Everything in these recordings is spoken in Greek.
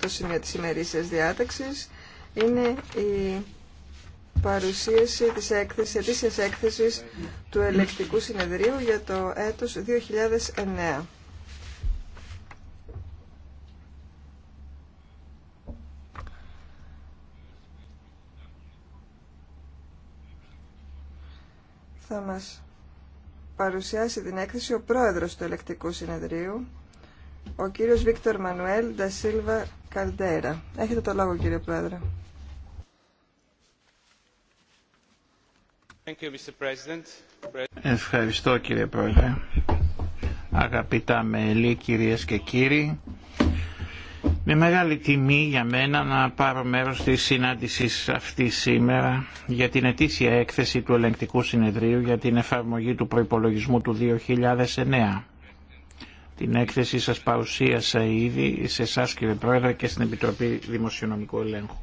το σημείο της ημερήσιας διάταξης είναι η παρουσίαση της έκθεσης, ετήσιας έκθεσης του ελεκτικού συνεδρίου για το έτος 2009. Θα μας παρουσιάσει την έκθεση ο πρόεδρος του ελεκτικού συνεδρίου, ο κύριος Βίκτορ Μανουέλ Ντασίλβα Καλντέρα. Έχετε το λόγο κύριε Πρόεδρε. Ευχαριστώ κύριε Πρόεδρε. Αγαπητά μελή, κυρίες και κύριοι, με μεγάλη τιμή για μένα να πάρω μέρος της συνάντησης αυτή σήμερα για την ετήσια έκθεση του Ελεγκτικού Συνεδρίου για την εφαρμογή του προϋπολογισμού του 2009. Την έκθεση σας παρουσίασα ήδη σε εσά κύριε Πρόεδρε και στην Επιτροπή Δημοσιονομικού Ελέγχου.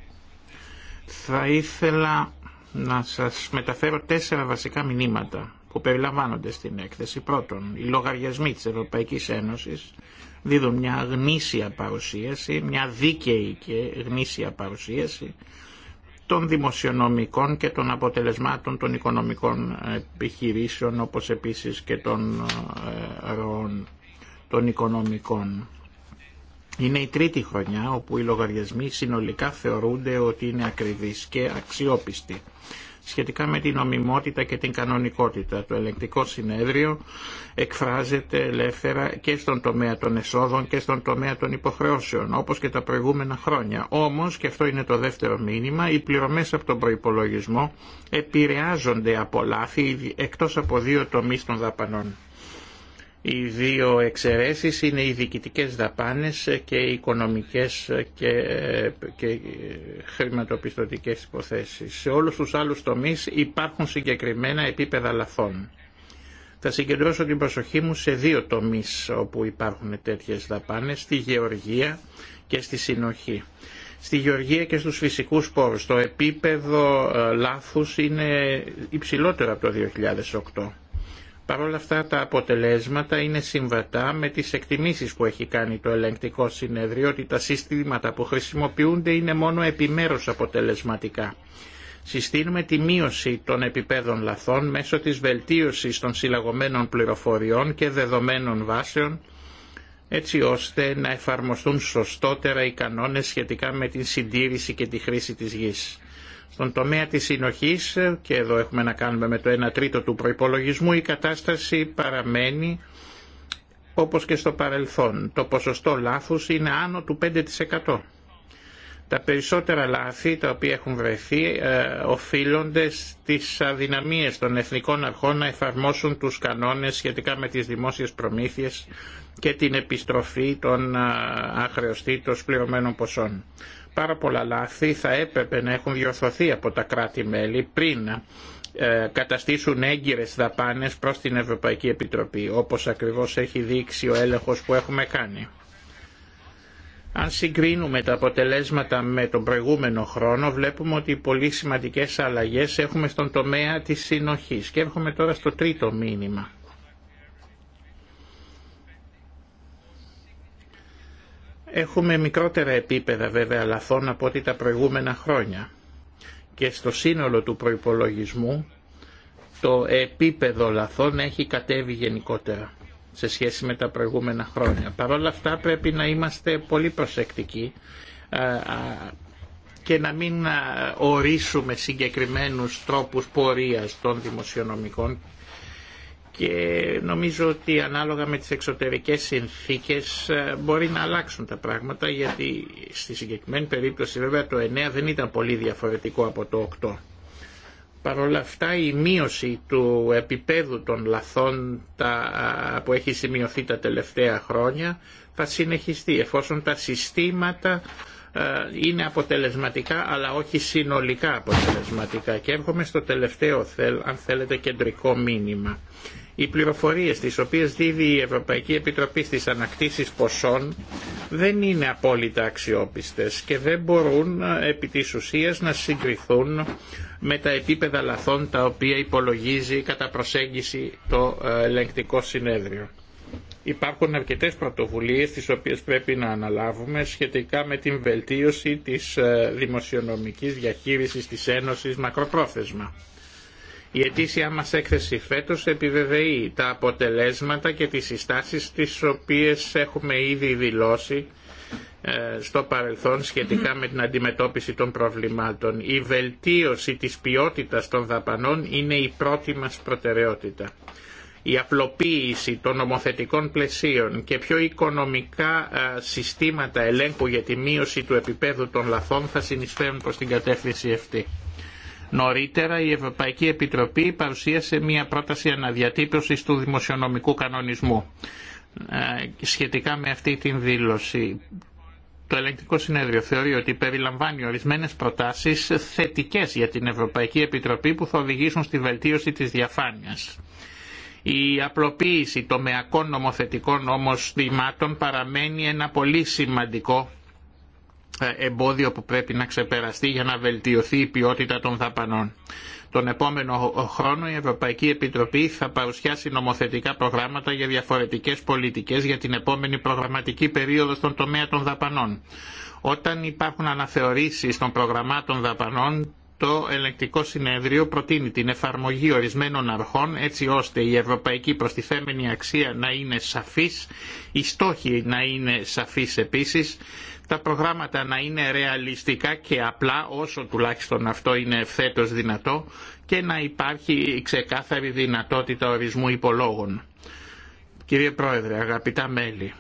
Θα ήθελα να σας μεταφέρω τέσσερα βασικά μηνύματα που περιλαμβάνονται στην έκθεση. Πρώτον, οι λογαριασμοί της Ευρωπαϊκής Ένωσης δίδουν μια γνήσια παρουσίαση, μια δίκαιη και γνήσια παρουσίαση των δημοσιονομικών και των αποτελεσμάτων των οικονομικών επιχειρήσεων όπως επίσης και των ε, ροών των οικονομικών. Είναι η τρίτη χρονιά όπου οι λογαριασμοί συνολικά θεωρούνται ότι είναι ακριβείς και αξιόπιστοι. Σχετικά με την νομιμότητα και την κανονικότητα, το ελεγκτικό συνέδριο εκφράζεται ελεύθερα και στον τομέα των εσόδων και στον τομέα των υποχρεώσεων, όπως και τα προηγούμενα χρόνια. Όμως, και αυτό είναι το δεύτερο μήνυμα, οι πληρωμές από τον προϋπολογισμό επηρεάζονται από λάθη, εκτός από δύο τομείς των δαπανών. Οι δύο εξαιρέσεις είναι οι διοικητικές δαπάνες και οι οικονομικές και, και χρηματοπιστωτικές υποθέσεις. Σε όλους τους άλλους τομείς υπάρχουν συγκεκριμένα επίπεδα λαθών. Θα συγκεντρώσω την προσοχή μου σε δύο τομείς όπου υπάρχουν τέτοιες δαπάνες, στη γεωργία και στη συνοχή. Στη γεωργία και στους φυσικούς πόρους το επίπεδο ε, λάθους είναι υψηλότερο από το 2008 Παρ' όλα αυτά τα αποτελέσματα είναι συμβατά με τις εκτιμήσεις που έχει κάνει το ελεγκτικό συνέδριο ότι τα συστήματα που χρησιμοποιούνται είναι μόνο επιμέρους αποτελεσματικά. Συστήνουμε τη μείωση των επιπέδων λαθών μέσω της βελτίωσης των συλλαγωμένων πληροφοριών και δεδομένων βάσεων έτσι ώστε να εφαρμοστούν σωστότερα οι κανόνες σχετικά με την συντήρηση και τη χρήση της γης. Στον τομέα της συνοχής, ε, και εδώ έχουμε να κάνουμε με το 1 τρίτο του προϋπολογισμού, η κατάσταση παραμένει όπως και στο παρελθόν. Το ποσοστό λάθους είναι άνω του 5%. Τα περισσότερα λάθη τα οποία έχουν βρεθεί ε, οφείλονται στις αδυναμίες των εθνικών αρχών να εφαρμόσουν τους κανόνες σχετικά με τις δημόσιες προμήθειες και την επιστροφή των αχρεωστήτων ε, πληρωμένων ποσών πάρα πολλά λάθη θα έπρεπε να έχουν διορθωθεί από τα κράτη-μέλη πριν ε, καταστήσουν έγκυρες δαπάνες προς την Ευρωπαϊκή Επιτροπή, όπως ακριβώς έχει δείξει ο έλεγχος που έχουμε κάνει. Αν συγκρίνουμε τα αποτελέσματα με τον προηγούμενο χρόνο, βλέπουμε ότι πολύ σημαντικές αλλαγές έχουμε στον τομέα της συνοχής. Και έρχομαι τώρα στο τρίτο μήνυμα. Έχουμε μικρότερα επίπεδα βέβαια λαθών από ό,τι τα προηγούμενα χρόνια και στο σύνολο του προϋπολογισμού το επίπεδο λαθών έχει κατέβει γενικότερα σε σχέση με τα προηγούμενα χρόνια. Παρ' όλα αυτά πρέπει να είμαστε πολύ προσεκτικοί και να μην ορίσουμε συγκεκριμένους τρόπους πορείας των δημοσιονομικών και νομίζω ότι ανάλογα με τις εξωτερικές συνθήκες ε, μπορεί να αλλάξουν τα πράγματα γιατί στη συγκεκριμένη περίπτωση βέβαια το 9 δεν ήταν πολύ διαφορετικό από το 8. Παρ' όλα αυτά η μείωση του επίπεδου των λαθών τα, που έχει σημειωθεί τα τελευταία χρόνια θα συνεχιστεί εφόσον τα συστήματα ε, είναι αποτελεσματικά αλλά όχι συνολικά αποτελεσματικά και έρχομαι στο τελευταίο αν θέλετε κεντρικό μήνυμα οι πληροφορίες τις οποίες δίδει η Ευρωπαϊκή Επιτροπή στις ανακτήσεις ποσών δεν είναι απόλυτα αξιόπιστες και δεν μπορούν ε, επί της ουσίας να συγκριθούν με τα επίπεδα λαθών τα οποία υπολογίζει κατά προσέγγιση το ε, ελεγκτικό συνέδριο. Υπάρχουν αρκετές πρωτοβουλίες τις οποίες πρέπει να αναλάβουμε σχετικά με την βελτίωση της ε, δημοσιονομικής διαχείρισης της Ένωσης μακροπρόθεσμα η ετήσια μας έκθεση φέτος επιβεβαιεί τα αποτελέσματα και τις συστάσεις τις οποίες έχουμε ήδη δηλώσει ε, στο παρελθόν σχετικά με την αντιμετώπιση των προβλημάτων. Η βελτίωση της ποιότητας των δαπανών είναι η πρώτη μας προτεραιότητα. Η απλοποίηση των νομοθετικών πλαισίων και πιο οικονομικά ε, συστήματα ελέγχου για τη μείωση του επίπεδου των λαθών θα συνεισφέρουν προς την κατεύθυνση αυτή. Νωρίτερα η Ευρωπαϊκή Επιτροπή παρουσίασε μια πρόταση αναδιατύπωσης του δημοσιονομικού κανονισμού ε, σχετικά με αυτή την δήλωση. Το ελεγκτικό συνέδριο θεωρεί ότι περιλαμβάνει ορισμένες προτάσεις θετικές για την Ευρωπαϊκή Επιτροπή που θα οδηγήσουν στη βελτίωση της διαφάνειας. Η απλοποίηση τομεακών νομοθετικών όμως δημάτων παραμένει ένα πολύ σημαντικό ε, εμπόδιο που πρέπει να ξεπεραστεί για να βελτιωθεί η ποιότητα των δαπανών. Τον επόμενο χρόνο η Ευρωπαϊκή Επιτροπή θα παρουσιάσει νομοθετικά προγράμματα για διαφορετικές πολιτικές για την επόμενη προγραμματική περίοδο στον τομέα των δαπανών. Όταν υπάρχουν αναθεωρήσεις των προγραμμάτων δαπανών, το Ελεκτικό συνέδριο προτείνει την εφαρμογή ορισμένων αρχών έτσι ώστε η ευρωπαϊκή προστιθέμενη αξία να είναι σαφής, οι στόχοι να είναι σαφείς επίσης τα προγράμματα να είναι ρεαλιστικά και απλά όσο τουλάχιστον αυτό είναι ευθέτως δυνατό και να υπάρχει ξεκάθαρη δυνατότητα ορισμού υπολόγων. Κύριε Πρόεδρε, αγαπητά μέλη,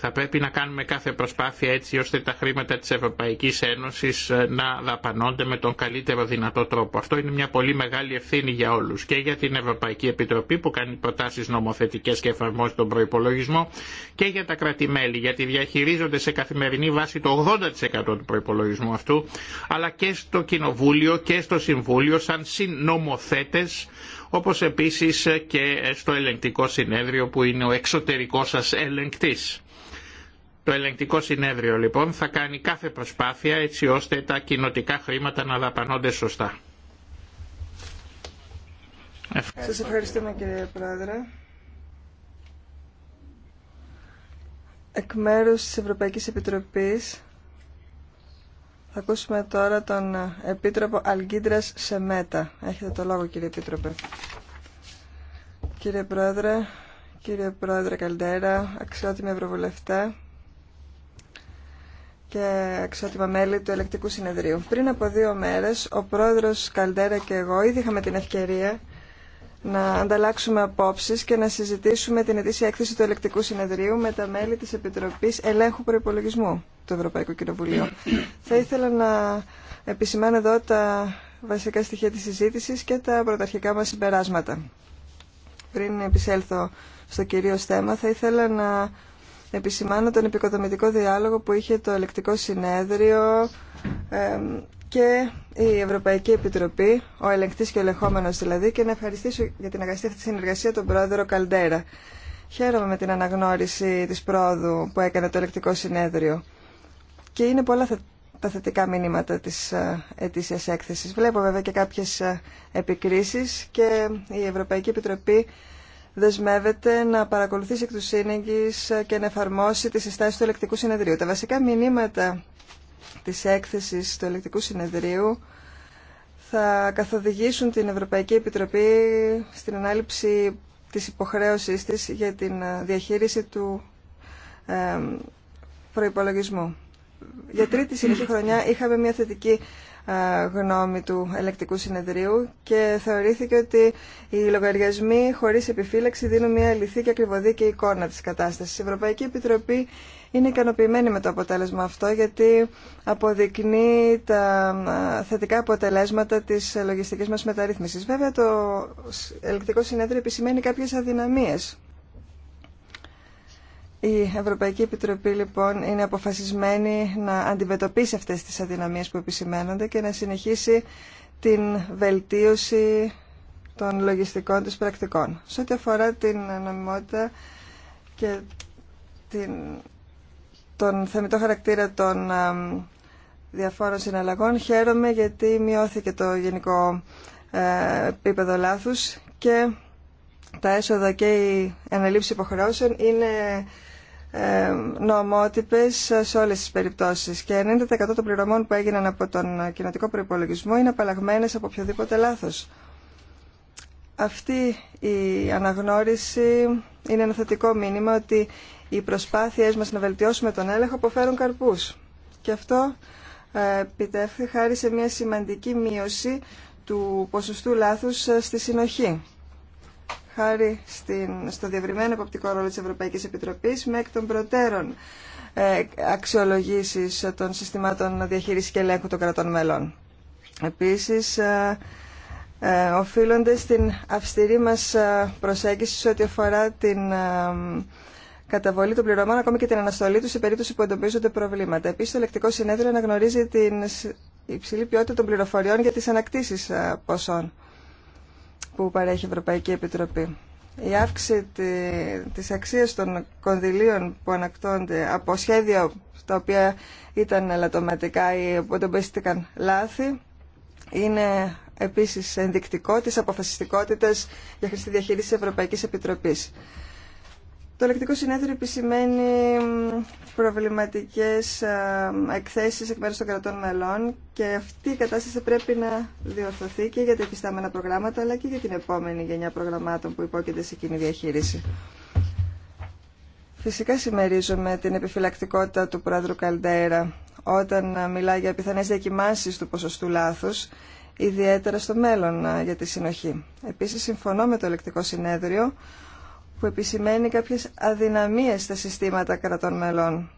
θα πρέπει να κάνουμε κάθε προσπάθεια έτσι ώστε τα χρήματα της Ευρωπαϊκής Ένωσης ε, να δαπανώνται με τον καλύτερο δυνατό τρόπο. Αυτό είναι μια πολύ μεγάλη ευθύνη για όλους και για την Ευρωπαϊκή Επιτροπή που κάνει προτάσεις νομοθετικές και εφαρμόζει τον προϋπολογισμό και για τα κρατημέλη γιατί διαχειρίζονται σε καθημερινή βάση το 80% του προϋπολογισμού αυτού αλλά και στο Κοινοβούλιο και στο Συμβούλιο σαν συνομοθέτες όπως επίσης και στο ελεγκτικό συνέδριο που είναι ο εξωτερικός σας ελεγκτής. Το ελεγκτικό συνέδριο λοιπόν θα κάνει κάθε προσπάθεια έτσι ώστε τα κοινοτικά χρήματα να δαπανώνται σωστά. Σα Σας ευχαριστούμε κύριε Πρόεδρε. Εκ μέρους τη Ευρωπαϊκής Επιτροπής θα ακούσουμε τώρα τον Επίτροπο Αλγκίντρας Σεμέτα. Έχετε το λόγο κύριε Επίτροπε. Κύριε Πρόεδρε, κύριε Πρόεδρε Καλντέρα, αξιότιμοι Ευρωβουλευτέ, και εξότιμα μέλη του Ελεκτικού Συνεδρίου. Πριν από δύο μέρες, ο πρόεδρος Καλτέρα και εγώ ήδη είχαμε την ευκαιρία να ανταλλάξουμε απόψεις και να συζητήσουμε την ετήσια έκθεση του Ελεκτικού Συνεδρίου με τα μέλη της Επιτροπής Ελέγχου Προϋπολογισμού του Ευρωπαϊκού Κοινοβουλίου. Θα ήθελα να επισημάνω εδώ τα βασικά στοιχεία της συζήτησης και τα πρωταρχικά μας συμπεράσματα. Πριν επισέλθω στο κυρίως θέμα, θα ήθελα να επισημάνω τον επικοδομητικό διάλογο που είχε το ελεκτικό συνέδριο και η Ευρωπαϊκή Επιτροπή, ο ελεγκτής και ο ελεγχόμενος δηλαδή, και να ευχαριστήσω για την αγαστή αυτή συνεργασία τον πρόεδρο Καλντέρα. Χαίρομαι με την αναγνώριση της πρόοδου που έκανε το ελεκτικό συνέδριο. Και είναι πολλά τα θετικά μηνύματα της ε, ετήσιας έκθεσης. Βλέπω βέβαια και κάποιες ε, επικρίσεις και η Ευρωπαϊκή Επιτροπή δεσμεύεται να παρακολουθήσει εκ του και να εφαρμόσει τις συστάσεις του ελεκτικού συνεδρίου. Τα βασικά μηνύματα της έκθεσης του ελεκτικού συνεδρίου θα καθοδηγήσουν την Ευρωπαϊκή Επιτροπή στην ανάληψη της υποχρέωσής της για την διαχείριση του προϋπολογισμού. Για τρίτη συνεχή χρονιά είχαμε μια θετική ε, γνώμη του ελεκτικού συνεδρίου και θεωρήθηκε ότι οι λογαριασμοί χωρίς επιφύλαξη δίνουν μια αληθή και ακριβωδική εικόνα της κατάστασης. Η Ευρωπαϊκή Επιτροπή είναι ικανοποιημένη με το αποτέλεσμα αυτό γιατί αποδεικνύει τα ε, θετικά αποτελέσματα της λογιστικής μας μεταρρύθμισης. Βέβαια το ελεκτικό συνέδριο επισημαίνει κάποιες αδυναμίες η Ευρωπαϊκή Επιτροπή λοιπόν είναι αποφασισμένη να αντιμετωπίσει αυτές τις αδυναμίες που επισημαίνονται και να συνεχίσει την βελτίωση των λογιστικών της πρακτικών. Σε ό,τι αφορά την νομιμότητα και τον θεμητό χαρακτήρα των διαφόρων συναλλαγών, χαίρομαι γιατί μειώθηκε το γενικό ε, επίπεδο λάθους και τα έσοδα και η αναλήψη υποχρεώσεων είναι ε, νομότυπες σε όλες τις περιπτώσεις και 90% των πληρωμών που έγιναν από τον κοινοτικό προϋπολογισμό είναι απαλλαγμένες από οποιοδήποτε λάθος. Αυτή η αναγνώριση είναι ένα θετικό μήνυμα ότι οι προσπάθειές μας να βελτιώσουμε τον έλεγχο αποφέρουν καρπούς. Και αυτό ε, επιτεύχθη χάρη σε μια σημαντική μείωση του ποσοστού λάθους ε, στη συνοχή χάρη στην, στο διευρυμένο εποπτικό ρόλο της Ευρωπαϊκής Επιτροπής με εκ των προτέρων ε, αξιολογήσεις των συστημάτων διαχείρισης και ελέγχου των κρατών μελών. Επίσης, ε, ε, οφείλονται στην αυστηρή μας ε, προσέγγιση σε ό,τι αφορά την καταβολή των πληρωμών, ακόμη και την αναστολή του σε περίπτωση που εντοπίζονται προβλήματα. Επίση, το ελεκτικό συνέδριο αναγνωρίζει την υψηλή ποιότητα των πληροφοριών για τι ανακτήσει ποσών που παρέχει η Ευρωπαϊκή Επιτροπή. Η αύξηση της αξίας των κονδυλίων που ανακτώνται από σχέδια τα οποία ήταν ελαττωματικά ή πέστηκαν λάθη είναι επίσης ενδεικτικό της αποφασιστικότητας για χρηστή διαχείριση Ευρωπαϊκής Επιτροπής. Το λεκτικό συνέδριο επισημαίνει προβληματικές ε, εκθέσεις εκ μέρους των κρατών μελών και αυτή η κατάσταση πρέπει να διορθωθεί και για τα επιστάμενα προγράμματα αλλά και για την επόμενη γενιά προγραμμάτων που υπόκειται σε κοινή διαχείριση. Φυσικά συμμερίζομαι την επιφυλακτικότητα του Πρόεδρου Καλντέρα όταν ε, μιλά για πιθανές διακοιμάνσεις του ποσοστού λάθους, ιδιαίτερα στο μέλλον ε, για τη συνοχή. Επίσης, συμφωνώ με το λεκτικό συνέδριο που επισημαίνει κάποιες αδυναμίες στα συστήματα κρατών μελών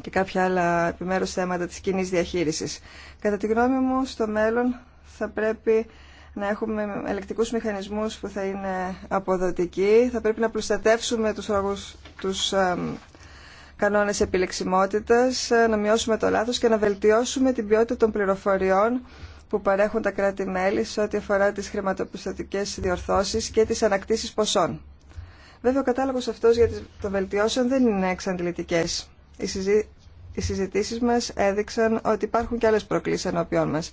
και κάποια άλλα επιμέρους θέματα της κοινή διαχείρισης. Κατά τη γνώμη μου, στο μέλλον θα πρέπει να έχουμε ελεκτικούς μηχανισμούς που θα είναι αποδοτικοί, θα πρέπει να προστατεύσουμε τους, κανόνε τους κανόνες επιλεξιμότητας, να μειώσουμε το λάθος και να βελτιώσουμε την ποιότητα των πληροφοριών που παρέχουν τα κράτη-μέλη σε ό,τι αφορά τις χρηματοπιστωτικές διορθώσεις και τις ανακτήσεις ποσών. Βέβαια, ο κατάλογο αυτό για το βελτιώσεων δεν είναι εξαντλητικέ. Οι συζητήσει μα έδειξαν ότι υπάρχουν και άλλες προκλήσεις ενώπιόν μας.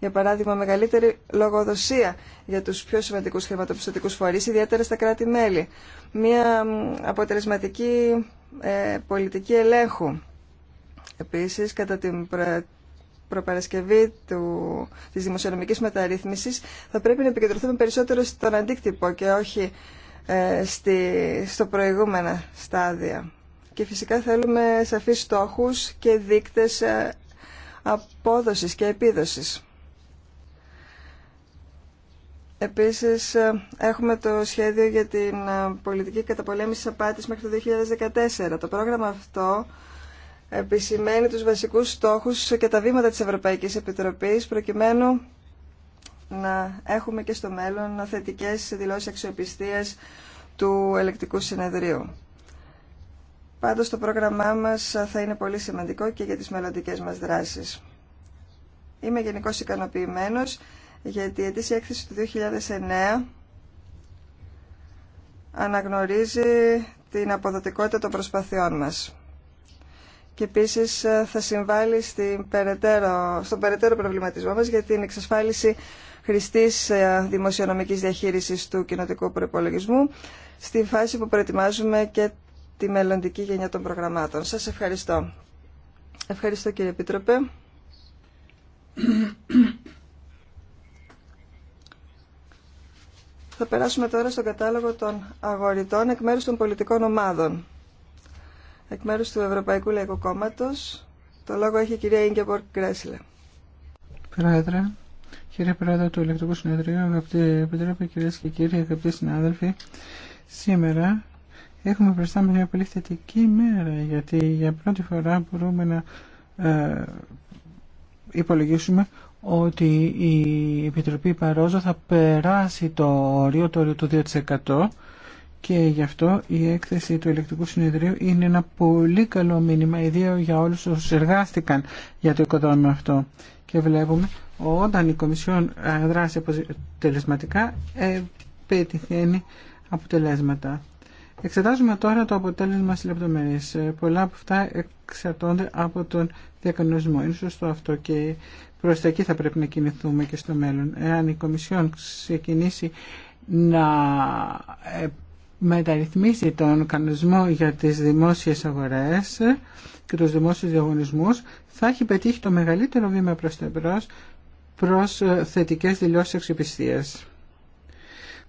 Για παράδειγμα, μεγαλύτερη λογοδοσία για του πιο σημαντικού χρηματοπιστωτικού φορεί, ιδιαίτερα στα κράτη-μέλη. Μία αποτελεσματική ε, πολιτική ελέγχου. Επίση, κατά την προ... προπαρασκευή του... της δημοσιονομικής μεταρρύθμισης, θα πρέπει να επικεντρωθούμε περισσότερο στον αντίκτυπο και όχι ε, στη, στο προηγούμενα στάδια. Και φυσικά θέλουμε σαφείς στόχους και δείκτες ε, απόδοσης και επίδοσης. Επίσης, ε, έχουμε το σχέδιο για την πολιτική καταπολέμηση απάτης μέχρι το 2014. Το πρόγραμμα αυτό επισημαίνει τους βασικούς στόχους και τα βήματα της Ευρωπαϊκής Επιτροπής προκειμένου να έχουμε και στο μέλλον θετικές δηλώσεις αξιοπιστίας του ελεκτικού συνεδρίου. Πάντως το πρόγραμμά μας θα είναι πολύ σημαντικό και για τις μελλοντικέ μας δράσεις. Είμαι γενικώ ικανοποιημένο γιατί η ετήσια έκθεση του 2009 αναγνωρίζει την αποδοτικότητα των προσπαθειών μας και επίση ε, θα συμβάλλει στον περαιτέρω προβληματισμό μας για την εξασφάλιση χρηστής ε, δημοσιονομικής διαχείρισης του κοινοτικού προπολογισμού στη φάση που προετοιμάζουμε και τη μελλοντική γενιά των προγραμμάτων. Σας ευχαριστώ. Ευχαριστώ κύριε Επίτροπε. Θα περάσουμε τώρα στον κατάλογο των αγοριτών εκ μέρους των πολιτικών ομάδων. Εκ μέρους του Ευρωπαϊκού Λαϊκού Κόμματος, το λόγο έχει η κυρία Ίγκεμπορκ Κρέσλε. Πρόεδρε, κύριε Πρόεδρε του Ελεκτρικού Συνεδρίου, αγαπητοί επιτρόποι, κυρίες και κύριοι, αγαπητοί συνάδελφοι, σήμερα έχουμε μπροστά μια πολύ θετική μέρα, γιατί για πρώτη φορά μπορούμε να ε, υπολογίσουμε ότι η Επιτροπή Παρόζο θα περάσει το όριο, το όριο του 2% και γι' αυτό η έκθεση του Ελεκτικού Συνεδρίου είναι ένα πολύ καλό μήνυμα, ιδίω για όλους όσους εργάστηκαν για το οικοδόμημα αυτό. Και βλέπουμε όταν η Κομισιόν ε, δράσει αποτελεσματικά, πετυχαίνει αποτελέσματα. Εξετάζουμε τώρα το αποτέλεσμα στις λεπτομέρειες. Ε, πολλά από αυτά εξαρτώνται από τον διακανονισμό. Είναι σωστό αυτό και προς τα εκεί θα πρέπει να κινηθούμε και στο μέλλον. Εάν η Κομισιόν ξεκινήσει να μεταρρυθμίσει τον κανονισμό για τις δημόσιες αγορές και τους δημόσιους διαγωνισμούς θα έχει πετύχει το μεγαλύτερο βήμα προς το εμπρός προς ε, θετικές δηλώσεις αξιοπιστίας.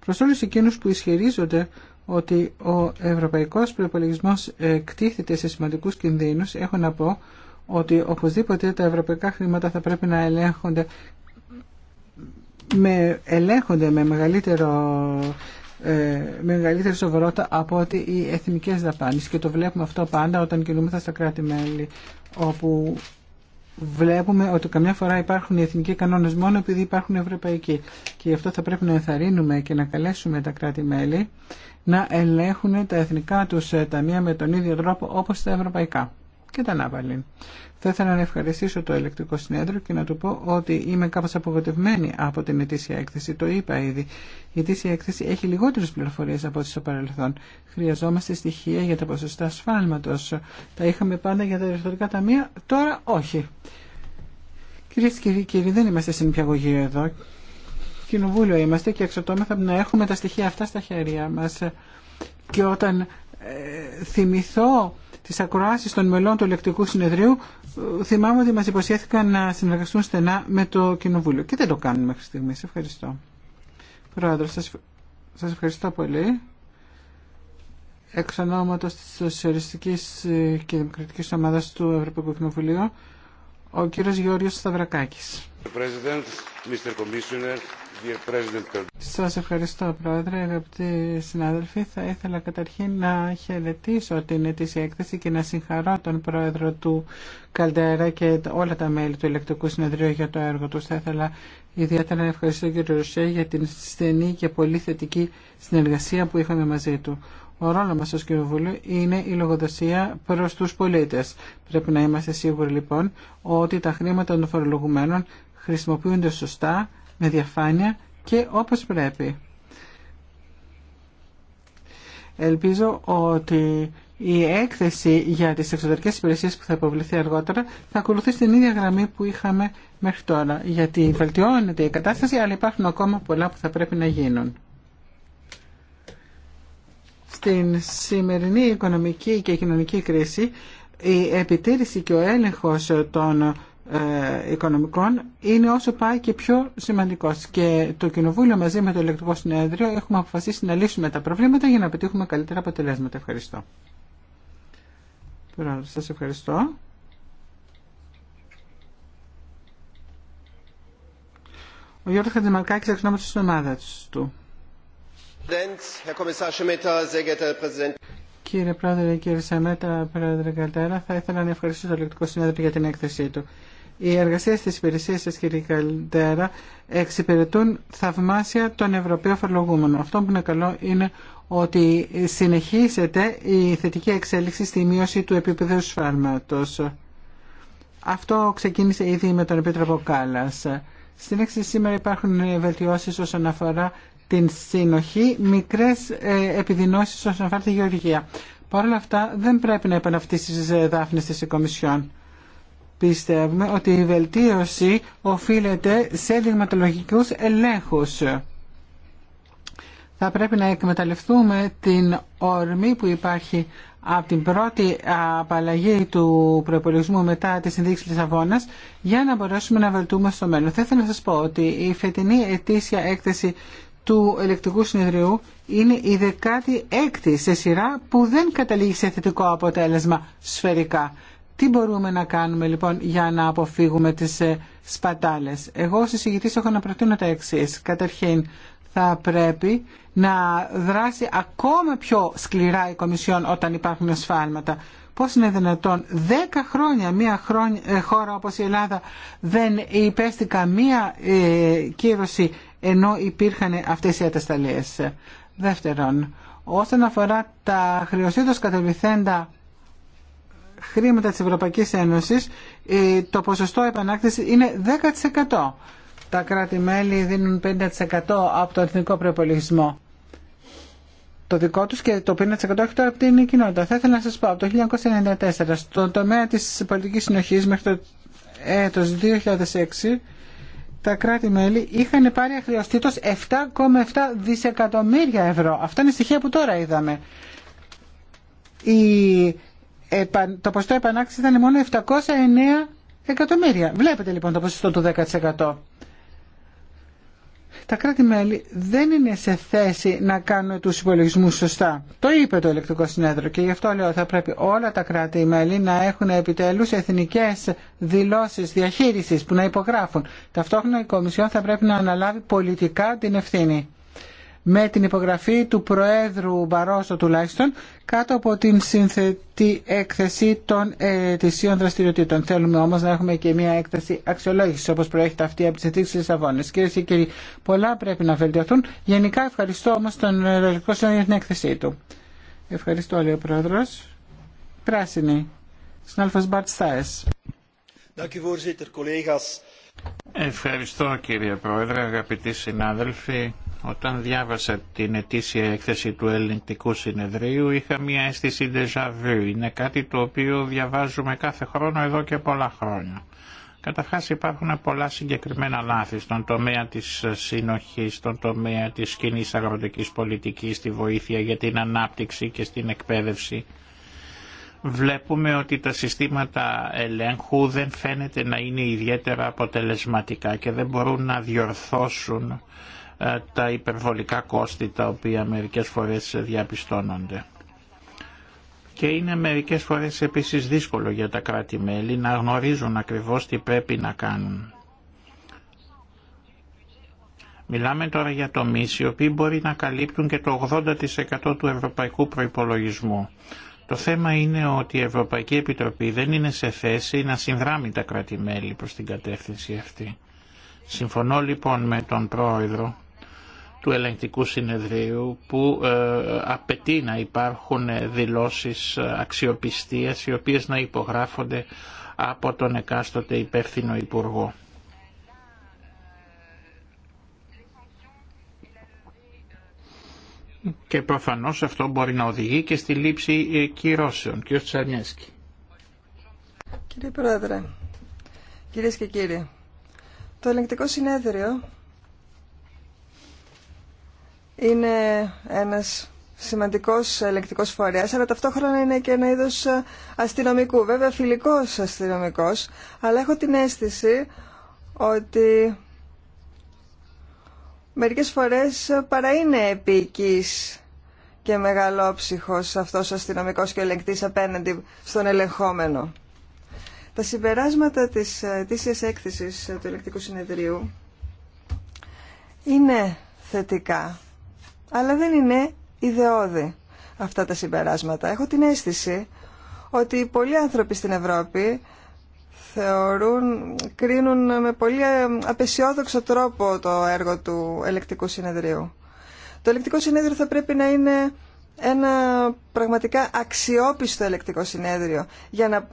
Προς όλους εκείνους που ισχυρίζονται ότι ο ευρωπαϊκός προϋπολογισμός εκτίθεται σε σημαντικούς κινδύνους, έχω να πω ότι οπωσδήποτε τα ευρωπαϊκά χρήματα θα πρέπει να ελέγχονται με, ελέγχονται με μεγαλύτερο ε, μεγαλύτερη σοβαρότητα από ότι οι εθνικές δαπάνε. και το βλέπουμε αυτό πάντα όταν κινούμεθα στα κράτη-μέλη όπου βλέπουμε ότι καμιά φορά υπάρχουν οι εθνικοί κανόνε μόνο επειδή υπάρχουν ευρωπαϊκοί και γι' αυτό θα πρέπει να ενθαρρύνουμε και να καλέσουμε τα κράτη-μέλη να ελέγχουν τα εθνικά τους ε, ταμεία με τον ίδιο τρόπο όπω τα ευρωπαϊκά και τα ναύαλη. Θα ήθελα να ευχαριστήσω το ελεκτρικό συνέδριο και να του πω ότι είμαι κάπως απογοητευμένη από την ετήσια έκθεση. Το είπα ήδη. Η ετήσια έκθεση έχει λιγότερες πληροφορίες από ό,τι στο παρελθόν. Χρειαζόμαστε στοιχεία για τα ποσοστά ασφάλματος. Τα είχαμε πάντα για τα ελευθερικά ταμεία, τώρα όχι. Κυρίε και κύριοι, δεν είμαστε στην πιαγωγή εδώ. Κοινοβούλιο είμαστε και εξωτόμεθα να έχουμε τα στοιχεία αυτά στα χέρια μας. Και όταν ε, θυμηθώ τις ακροάσεις των μελών του ελεκτικού συνεδρίου ε, θυμάμαι ότι μας υποσχέθηκαν να συνεργαστούν στενά με το Κοινοβούλιο και δεν το κάνουν μέχρι στιγμής. Ευχαριστώ. Πρόεδρε, σας, σας ευχαριστώ πολύ. Εξ ονόματος της Σοσιαλιστικής ε, και Δημοκρατικής Ομάδας του Ευρωπαϊκού Κοινοβουλίου, ο κύριος Γιώργος Σταυρακάκης. Σας ευχαριστώ Πρόεδρε, αγαπητοί συνάδελφοι. Θα ήθελα καταρχήν να χαιρετήσω την ετήσια έκθεση και να συγχαρώ τον Πρόεδρο του Καλντέρα και όλα τα μέλη του Ελεκτρικού Συνεδρίου για το έργο του, Θα ήθελα ιδιαίτερα να ευχαριστώ τον κύριο Ρουσέ για την στενή και πολύ θετική συνεργασία που είχαμε μαζί του. Ο ρόλο μα ω Κοινοβούλιο είναι η λογοδοσία προ του πολίτε. Πρέπει να είμαστε σίγουροι λοιπόν ότι τα χρήματα των φορολογουμένων χρησιμοποιούνται σωστά, με διαφάνεια και όπως πρέπει. Ελπίζω ότι η έκθεση για τις εξωτερικές υπηρεσίες που θα υποβληθεί αργότερα θα ακολουθεί στην ίδια γραμμή που είχαμε μέχρι τώρα, γιατί βελτιώνεται η κατάσταση, αλλά υπάρχουν ακόμα πολλά που θα πρέπει να γίνουν. Στην σημερινή οικονομική και κοινωνική κρίση, η επιτήρηση και ο έλεγχος των ε, οικονομικών είναι όσο πάει και πιο σημαντικό. και το Κοινοβούλιο μαζί με το Ελεκτικό Συνέδριο έχουμε αποφασίσει να λύσουμε τα προβλήματα για να πετύχουμε καλύτερα αποτελέσματα. Ευχαριστώ. Τώρα σας ευχαριστώ. Ο Γιώργος Χατζημαρκάκης εξονόματος τη ομάδα του. Κύριε Πρόεδρε, κύριε Σαμέτα, Πρόεδρε Καλτέρα, θα ήθελα να ευχαριστήσω το Ελεκτικό Συνέδριο για την έκθεσή του. Οι εργασίε τη υπηρεσία σα, κύριε Καλντέρα, εξυπηρετούν θαυμάσια τον Ευρωπαίο φορολογούμενο. Αυτό που είναι καλό είναι ότι συνεχίσετε η θετική εξέλιξη στη μείωση του επίπεδου σφάλματο. Αυτό ξεκίνησε ήδη με τον Επίτροπο Κάλλα. Στην έξι σήμερα υπάρχουν βελτιώσει όσον αφορά την συνοχή, μικρές ε, επιδεινώσει όσον αφορά τη γεωργία. Παρ' όλα αυτά δεν πρέπει να επαναφτύσει τι ε, δάφνε τη Κομισιόν πιστεύουμε ότι η βελτίωση οφείλεται σε δειγματολογικούς ελέγχους. Θα πρέπει να εκμεταλλευτούμε την ορμή που υπάρχει από την πρώτη απαλλαγή του προπολογισμού μετά τη της αγώνας για να μπορέσουμε να βελτούμε στο μέλλον. Θα ήθελα να σας πω ότι η φετινή ετήσια έκθεση του ελεκτικού συνεδριού είναι η 16η σε σειρά που δεν καταλήγει σε θετικό αποτέλεσμα σφαιρικά. Τι μπορούμε να κάνουμε λοιπόν για να αποφύγουμε τις ε, σπατάλες. Εγώ ως εισηγητής έχω να προτείνω τα εξή. Καταρχήν θα πρέπει να δράσει ακόμα πιο σκληρά η Κομισιόν όταν υπάρχουν σφάλματα. Πώς είναι δυνατόν 10 χρόνια μια ε, χώρα όπως η Ελλάδα δεν υπέστη καμία ε, κύρωση ενώ υπήρχαν αυτές οι ατασταλίες. Δεύτερον, όσον αφορά τα χρεωσίδως καταβληθέντα χρήματα της Ευρωπαϊκής Ένωσης ε, το ποσοστό επανάκτησης είναι 10%. Τα κράτη-μέλη δίνουν 50% από το εθνικό προπολογισμό το δικό τους και το 50% έχει από την κοινότητα. Θα ήθελα να σας πω, από το 1994, στον τομέα της πολιτικής συνοχής μέχρι το έτος 2006, τα κράτη-μέλη είχαν πάρει αχρεωστήτως 7,7 δισεκατομμύρια ευρώ. Αυτά είναι στοιχεία που τώρα είδαμε. Η το ποσοστό θα ήταν μόνο 709 εκατομμύρια. Βλέπετε λοιπόν το ποσοστό του 10%. Τα κράτη-μέλη δεν είναι σε θέση να κάνουν τους υπολογισμούς σωστά. Το είπε το ηλεκτρικό συνέδριο και γι' αυτό λέω θα πρέπει όλα τα κράτη-μέλη να έχουν επιτέλους εθνικές δηλώσεις διαχείρισης που να υπογράφουν. Ταυτόχρονα η Κομισιόν θα πρέπει να αναλάβει πολιτικά την ευθύνη με την υπογραφή του Προέδρου Μπαρόσο τουλάχιστον κάτω από την συνθετή έκθεση των ετησίων δραστηριοτήτων. Θέλουμε όμω να έχουμε και μια έκθεση αξιολόγηση, όπω προέρχεται αυτή από τι αιτήσεις τη Αβώνης. Κυρίε και κύριοι, πολλά πρέπει να βελτιωθούν. Γενικά ευχαριστώ όμω τον Ευρωπαϊκό Συνόδιο για την έκθεσή του. Ευχαριστώ, λέει ο Πρόεδρο Πράσινη. Συνάλφο Μπαρτ Στάε. Ευχαριστώ κύριε Πρόεδρε, αγαπητοί συνάδελφοι. Όταν διάβασα την ετήσια έκθεση του ελληντικού Συνεδρίου είχα μια αίσθηση déjà vu. Είναι κάτι το οποίο διαβάζουμε κάθε χρόνο εδώ και πολλά χρόνια. Καταρχάς υπάρχουν πολλά συγκεκριμένα λάθη στον τομέα της συνοχής, στον τομέα της κοινή αγροτικής πολιτικής, στη βοήθεια για την ανάπτυξη και στην εκπαίδευση. Βλέπουμε ότι τα συστήματα ελέγχου δεν φαίνεται να είναι ιδιαίτερα αποτελεσματικά και δεν μπορούν να διορθώσουν ε, τα υπερβολικά κόστη τα οποία μερικές φορές διαπιστώνονται. Και είναι μερικές φορές επίσης δύσκολο για τα κράτη-μέλη να γνωρίζουν ακριβώς τι πρέπει να κάνουν. Μιλάμε τώρα για τομεί οι οποίοι μπορεί να καλύπτουν και το 80% του ευρωπαϊκού προϋπολογισμού. Το θέμα είναι ότι η Ευρωπαϊκή Επιτροπή δεν είναι σε θέση να συνδράμει τα κράτη-μέλη προς την κατεύθυνση αυτή. Συμφωνώ λοιπόν με τον Πρόεδρο του ελεγκτικού συνεδρίου που ε, απαιτεί να υπάρχουν δηλώσεις αξιοπιστίας οι οποίες να υπογράφονται από τον εκάστοτε υπεύθυνο υπουργό. Και προφανώς αυτό μπορεί να οδηγεί και στη λήψη ε, κυρώσεων. Κύριος Τσαρνιέσκη. Κύριε Πρόεδρε, κυρίες και κύριοι, το ελεγκτικό συνέδριο είναι ένας σημαντικός ελεκτικός φορέας, αλλά ταυτόχρονα είναι και ένα είδος αστυνομικού, βέβαια φιλικός αστυνομικός, αλλά έχω την αίσθηση ότι μερικές φορές παρά είναι επίκης και μεγαλόψυχος αυτός ο αστυνομικός και ο ελεκτής απέναντι στον ελεγχόμενο. Τα συμπεράσματα της ετήσιας έκθεσης του ελεκτικού συνεδρίου είναι θετικά αλλά δεν είναι ιδεώδη αυτά τα συμπεράσματα. Έχω την αίσθηση ότι πολλοί άνθρωποι στην Ευρώπη θεωρούν, κρίνουν με πολύ ε, απεσιόδοξο τρόπο το έργο του ελεκτικού συνεδρίου. Το ελεκτικό συνέδριο θα πρέπει να είναι ένα πραγματικά αξιόπιστο ελεκτικό συνέδριο για να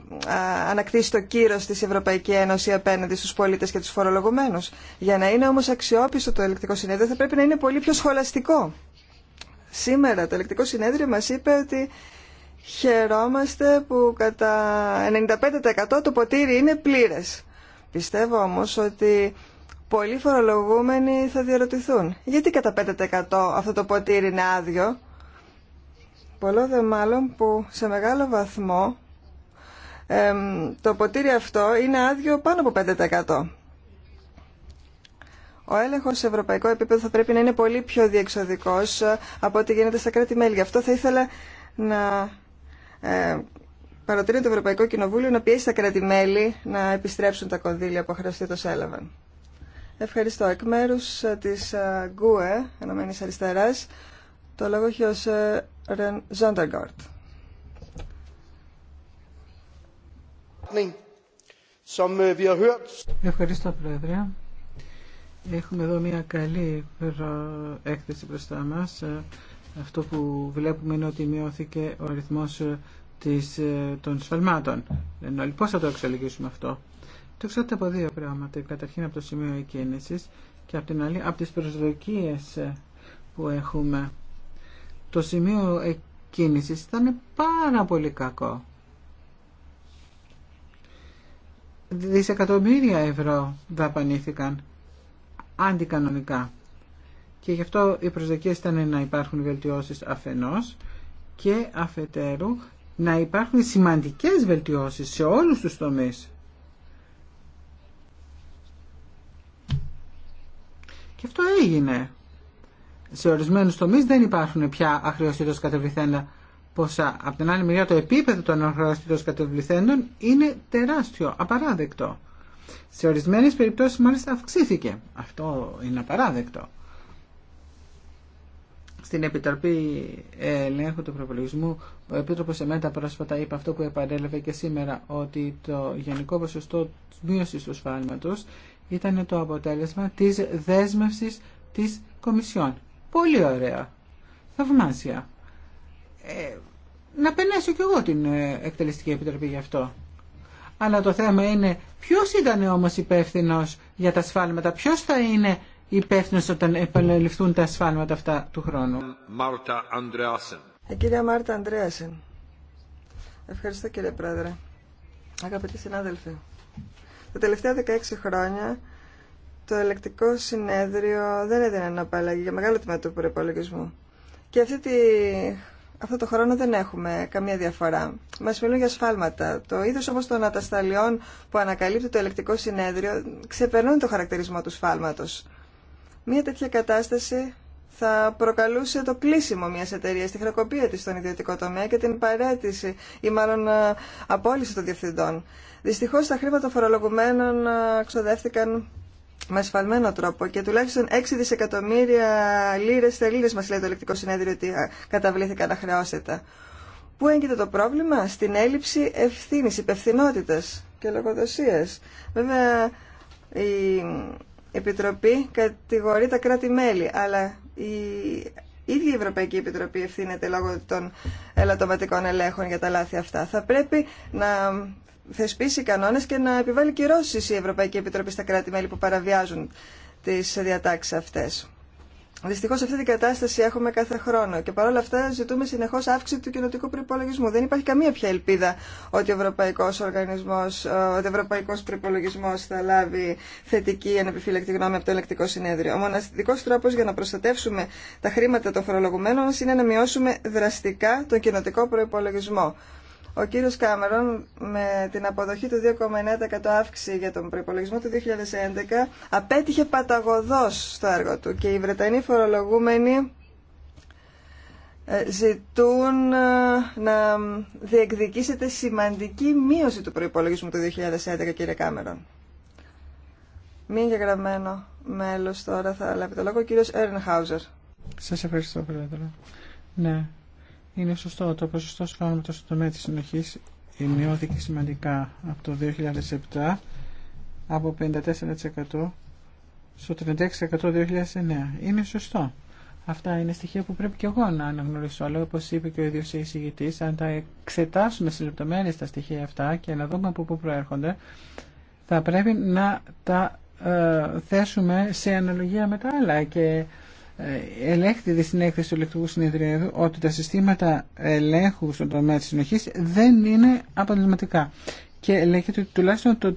ανακτήσει το κύρος της Ευρωπαϊκή Ένωση απέναντι στους πολίτες και τους φορολογουμένους. Για να είναι όμως αξιόπιστο το ελεκτικό συνέδριο θα πρέπει να είναι πολύ πιο σχολαστικό. Σήμερα το ελεκτικό συνέδριο μας είπε ότι χαιρόμαστε που κατά 95% το ποτήρι είναι πλήρες. Πιστεύω όμως ότι πολλοί φορολογούμενοι θα διαρωτηθούν. Γιατί κατά 5% αυτό το ποτήρι είναι άδειο. Πολλό δε μάλλον που σε μεγάλο βαθμό το ποτήρι αυτό είναι άδειο πάνω από 5%. Ο έλεγχο σε ευρωπαϊκό επίπεδο θα πρέπει να είναι πολύ πιο διεξοδικό ε, από ό,τι γίνεται στα κράτη-μέλη. Γι' αυτό θα ήθελα να ε, παροτρύνω το Ευρωπαϊκό Κοινοβούλιο να πιέσει τα κράτη-μέλη να επιστρέψουν τα κονδύλια που αχρεωστήτω έλαβαν. Ευχαριστώ. Εκ μέρου ε, τη ε, ΓΚΟΕ, Ενωμένη Αριστερά, το λόγο έχει ο Σερεν øh, Ευχαριστώ, Πρόεδρε. Έχουμε εδώ μια καλή έκθεση μπροστά μας. Ε, αυτό που βλέπουμε είναι ότι μειώθηκε ο αριθμός ε, ε, των σφαλμάτων. Ενώ λοιπόν, θα το εξελίξουμε αυτό. Το εξαρτάται από δύο πράγματα. Καταρχήν από το σημείο εκκίνησης και από την άλλη από τις προσδοκίες που έχουμε. Το σημείο εκκίνησης ήταν πάρα πολύ κακό. Δισεκατομμύρια ευρώ δαπανήθηκαν αντικανονικά. Και γι' αυτό οι προσδοκίες ήταν να υπάρχουν βελτιώσεις αφενός και αφετέρου να υπάρχουν σημαντικές βελτιώσεις σε όλους τους τομείς. Και αυτό έγινε. Σε ορισμένου τομεί δεν υπάρχουν πια αχρεωστήτω κατευληθέντα ποσά. Από την άλλη μεριά, το επίπεδο των αχρεωστήτω κατευληθέντων είναι τεράστιο, απαράδεκτο. Σε ορισμένες περιπτώσεις μάλιστα αυξήθηκε. Αυτό είναι απαράδεκτο. Στην Επιτροπή Ελέγχου του Προπολογισμού, ο Επίτροπο Εμέτα πρόσφατα είπε αυτό που επανέλαβε και σήμερα, ότι το γενικό ποσοστό μείωση του σφάλματο ήταν το αποτέλεσμα τη δέσμευση τη Κομισιόν. Πολύ ωραία. Θαυμάσια. Ε, να πενέσω κι εγώ την ε, Εκτελεστική Επιτροπή γι' αυτό. Αλλά το θέμα είναι ποιος ήταν όμως υπεύθυνο για τα σφάλματα, ποιος θα είναι υπεύθυνο όταν επαναληφθούν τα σφάλματα αυτά του χρόνου. Μάρτα Η ε, κυρία Μάρτα Ανδρέασεν. Ευχαριστώ κύριε Πρόεδρε. Αγαπητοί συνάδελφοι. Τα τελευταία 16 χρόνια το ελεκτικό συνέδριο δεν έδινε απαλλαγή για μεγάλο τμήμα του προπολογισμού. Και αυτή τη αυτό το χρόνο δεν έχουμε καμία διαφορά. Μα μιλούν για σφάλματα. Το είδο όμω των ατασταλιών που ανακαλύπτει το ελεκτικό συνέδριο ξεπερνούν το χαρακτηρισμό του σφάλματο. Μία τέτοια κατάσταση θα προκαλούσε το κλείσιμο μια εταιρεία, τη χρεοκοπία τη στον ιδιωτικό τομέα και την παρέτηση ή μάλλον ε, απόλυση των διευθυντών. Δυστυχώ τα χρήματα των φορολογουμένων ε, ξοδεύτηκαν με ασφαλμένο τρόπο και τουλάχιστον 6 δισεκατομμύρια λίρες λίρε μας λέει το ελεκτικό συνέδριο ότι καταβλήθηκαν αχρεώστατα. Πού έγκυται το πρόβλημα? Στην έλλειψη ευθύνη, υπευθυνότητα και λογοδοσία. Βέβαια η Επιτροπή κατηγορεί τα κράτη-μέλη, αλλά η η ίδια η Ευρωπαϊκή Επιτροπή ευθύνεται λόγω των ελαττωματικών ελέγχων για τα λάθη αυτά. Θα πρέπει να θεσπίσει κανόνες και να επιβάλλει κυρώσεις η Ευρωπαϊκή Επιτροπή στα κράτη-μέλη που παραβιάζουν τις διατάξεις αυτές. Δυστυχώ αυτή την κατάσταση έχουμε κάθε χρόνο και παρόλα αυτά ζητούμε συνεχώ αύξηση του κοινοτικού προπολογισμού. Δεν υπάρχει καμία πια ελπίδα ότι ο Ευρωπαϊκό Προπολογισμό θα λάβει θετική ανεπιφύλακτη γνώμη από το ελεκτικό συνέδριο. Ο μοναδικό τρόπο για να προστατεύσουμε τα χρήματα των φορολογουμένων μα είναι να μειώσουμε δραστικά τον κοινοτικό προπολογισμό. Ο κύριος Κάμερον με την αποδοχή του 2,9% αύξηση για τον προϋπολογισμό του 2011 απέτυχε παταγωδός στο έργο του και οι Βρετανοί φορολογούμενοι ε, ζητούν ε, να διεκδικήσετε σημαντική μείωση του προϋπολογισμού του 2011 κύριε Κάμερον. Μην γεγραμμένο μέλος τώρα θα λάβει το λόγο ο κύριος Έρνχάουζερ. Σας ευχαριστώ πρόεδρε. Ναι, είναι σωστό, το ποσοστό σφάλματο στο τομέα τη συνοχή μειώθηκε σημαντικά από το 2007 από 54% στο 36% το 2009. Είναι σωστό. Αυτά είναι στοιχεία που πρέπει και εγώ να αναγνωρίσω. Αλλά όπω είπε και ο ίδιο η εισηγητή, αν τα εξετάσουμε σε λεπτομέρειε τα στοιχεία αυτά και να δούμε από πού προέρχονται, θα πρέπει να τα ε, θέσουμε σε αναλογία με τα άλλα. Ε, ελέγχεται στην έκθεση του ηλεκτρικού συνεδρίου ότι τα συστήματα ελέγχου στον τομέα της συνοχής δεν είναι αποτελεσματικά και λέγεται ότι τουλάχιστον το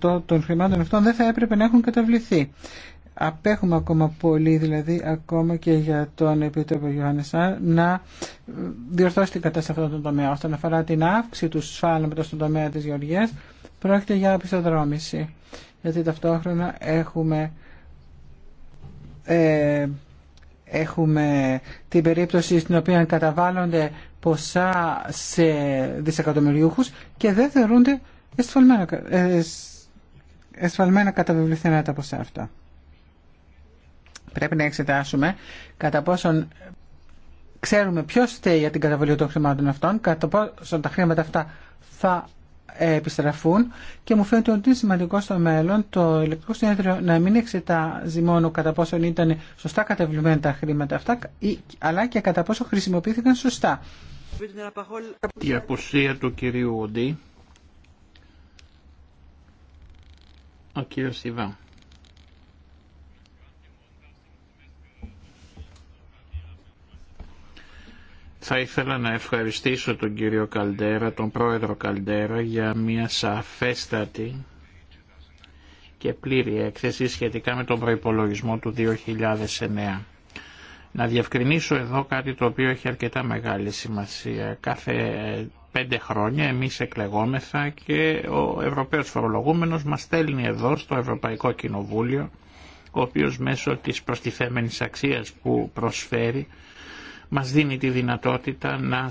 3% των χρημάτων αυτών δεν θα έπρεπε να έχουν καταβληθεί. Απέχουμε ακόμα πολύ, δηλαδή, ακόμα και για τον Επίτροπο Γιωάννησα να διορθώσει την κατάσταση αυτών των τομέα. Όσον αφορά την αύξηση του σφάλματος στον τομέα της Γεωργίας, πρόκειται για πιστοδρόμηση. Γιατί ταυτόχρονα έχουμε ε, έχουμε την περίπτωση στην οποία καταβάλλονται ποσά σε δισεκατομμυριούχους και δεν θεωρούνται εσφαλμένα, ε, εσφαλμένα καταβεβληθένα τα ποσά αυτά. Πρέπει να εξετάσουμε κατά πόσον ξέρουμε ποιος θέλει για την καταβολή των χρημάτων αυτών, κατά πόσον τα χρήματα αυτά θα επιστραφούν και μου φαίνεται ότι είναι σημαντικό στο μέλλον το ηλεκτρικό συνέδριο να μην εξετάζει μόνο κατά πόσο ήταν σωστά κατεβλημένα τα χρήματα αυτά, αλλά και κατά πόσο χρησιμοποιήθηκαν σωστά. Η απουσία του κυρίου Οντή, ο κύριος Ιβάν. Θα ήθελα να ευχαριστήσω τον κύριο Καλντέρα, τον πρόεδρο Καλντέρα, για μια σαφέστατη και πλήρη έκθεση σχετικά με τον προϋπολογισμό του 2009. Να διευκρινίσω εδώ κάτι το οποίο έχει αρκετά μεγάλη σημασία. Κάθε πέντε χρόνια εμείς εκλεγόμεθα και ο Ευρωπαίος Φορολογούμενος μας στέλνει εδώ στο Ευρωπαϊκό Κοινοβούλιο, ο οποίος μέσω της προστιθέμενης αξίας που προσφέρει μας δίνει τη δυνατότητα να,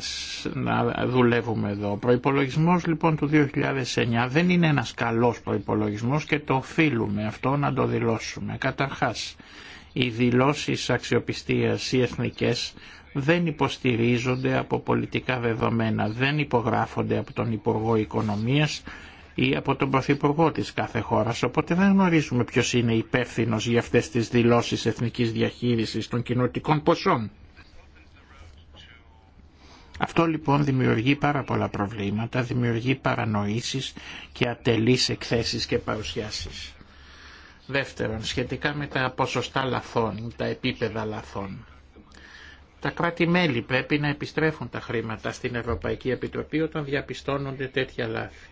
να δουλεύουμε εδώ. Ο προϋπολογισμός λοιπόν του 2009 δεν είναι ένας καλός προϋπολογισμός και το οφείλουμε αυτό να το δηλώσουμε. Καταρχάς, οι δηλώσεις αξιοπιστίας οι εθνικές δεν υποστηρίζονται από πολιτικά δεδομένα, δεν υπογράφονται από τον Υπουργό Οικονομίας ή από τον Πρωθυπουργό της κάθε χώρας, οπότε δεν γνωρίζουμε ποιος είναι υπεύθυνο για αυτές τις δηλώσεις εθνικής διαχείρισης των κοινωτικών ποσών. Αυτό λοιπόν δημιουργεί πάρα πολλά προβλήματα, δημιουργεί παρανοήσεις και ατελείς εκθέσεις και παρουσιάσεις. Δεύτερον, σχετικά με τα ποσοστά λαθών, τα επίπεδα λαθών. Τα κράτη-μέλη πρέπει να επιστρέφουν τα χρήματα στην Ευρωπαϊκή Επιτροπή όταν διαπιστώνονται τέτοια λάθη.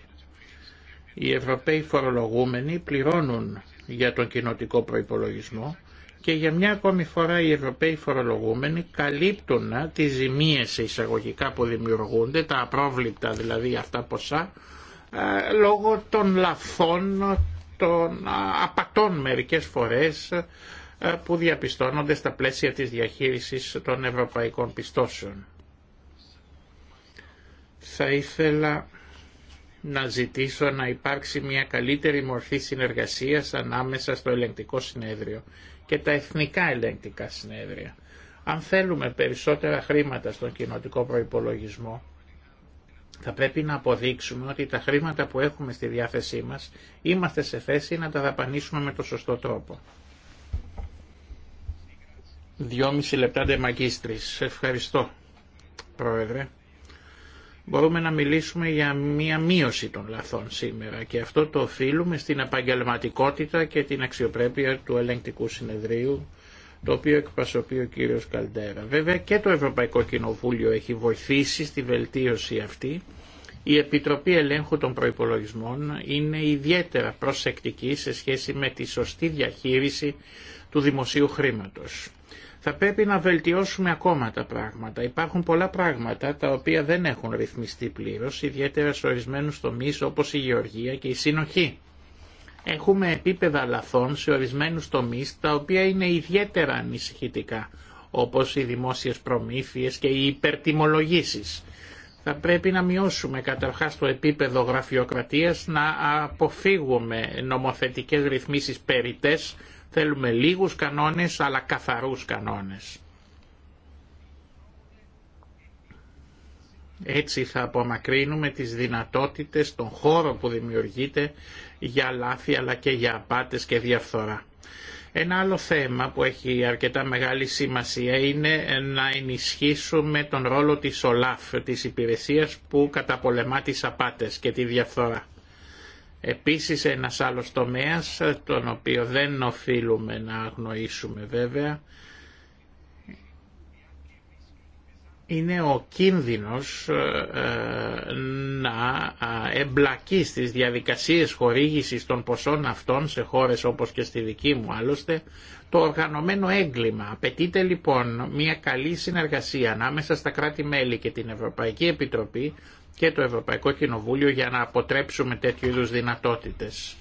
Οι Ευρωπαίοι φορολογούμενοι πληρώνουν για τον κοινοτικό προϋπολογισμό και για μια ακόμη φορά οι Ευρωπαίοι φορολογούμενοι καλύπτουν τις ζημίες εισαγωγικά που δημιουργούνται, τα απρόβλητα δηλαδή αυτά ποσά, λόγω των λαθών, των απατών μερικές φορές που διαπιστώνονται στα πλαίσια της διαχείρισης των ευρωπαϊκών πιστώσεων. Θα ήθελα να ζητήσω να υπάρξει μια καλύτερη μορφή συνεργασίας ανάμεσα στο ελεγκτικό συνέδριο και τα εθνικά ελεγκτικά συνέδρια. Αν θέλουμε περισσότερα χρήματα στον κοινοτικό προϋπολογισμό, θα πρέπει να αποδείξουμε ότι τα χρήματα που έχουμε στη διάθεσή μας είμαστε σε θέση να τα δαπανίσουμε με το σωστό τρόπο. Δυόμιση λεπτά Σε Ευχαριστώ, Πρόεδρε. Μπορούμε να μιλήσουμε για μία μείωση των λαθών σήμερα και αυτό το οφείλουμε στην επαγγελματικότητα και την αξιοπρέπεια του ελεγκτικού συνεδρίου το οποίο εκπροσωπεί ο κύριος Καλτέρα. Βέβαια και το Ευρωπαϊκό Κοινοβούλιο έχει βοηθήσει στη βελτίωση αυτή. Η Επιτροπή Ελέγχου των Προϋπολογισμών είναι ιδιαίτερα προσεκτική σε σχέση με τη σωστή διαχείριση του δημοσίου χρήματος. Θα πρέπει να βελτιώσουμε ακόμα τα πράγματα. Υπάρχουν πολλά πράγματα τα οποία δεν έχουν ρυθμιστεί πλήρω, ιδιαίτερα σε ορισμένου τομεί όπω η γεωργία και η συνοχή. Έχουμε επίπεδα λαθών σε ορισμένου τομεί, τα οποία είναι ιδιαίτερα ανησυχητικά, όπω οι δημόσιε προμήθειε και οι υπερτιμολογήσει. Θα πρέπει να μειώσουμε καταρχάς το επίπεδο γραφειοκρατίας, να αποφύγουμε νομοθετικές ρυθμίσεις περιττές Θέλουμε λίγους κανόνες αλλά καθαρούς κανόνες. Έτσι θα απομακρύνουμε τις δυνατότητες, τον χώρο που δημιουργείται για λάθη αλλά και για απάτες και διαφθορά. Ένα άλλο θέμα που έχει αρκετά μεγάλη σημασία είναι να ενισχύσουμε τον ρόλο της ΟΛΑΦ, της υπηρεσίας που καταπολεμά τις απάτες και τη διαφθορά. Επίσης ένας άλλος τομέας, ε, τον οποίο δεν οφείλουμε να αγνοήσουμε βέβαια, είναι ο κίνδυνος ε, ε, να εμπλακεί στις διαδικασίες χορήγησης των ποσών αυτών σε χώρες όπως και στη δική μου άλλωστε το οργανωμένο έγκλημα. Απαιτείται λοιπόν μια καλή συνεργασία ανάμεσα στα κράτη-μέλη και την Ευρωπαϊκή Επιτροπή και το Ευρωπαϊκό Κοινοβούλιο για να αποτρέψουμε τέτοιου είδους δυνατότητες.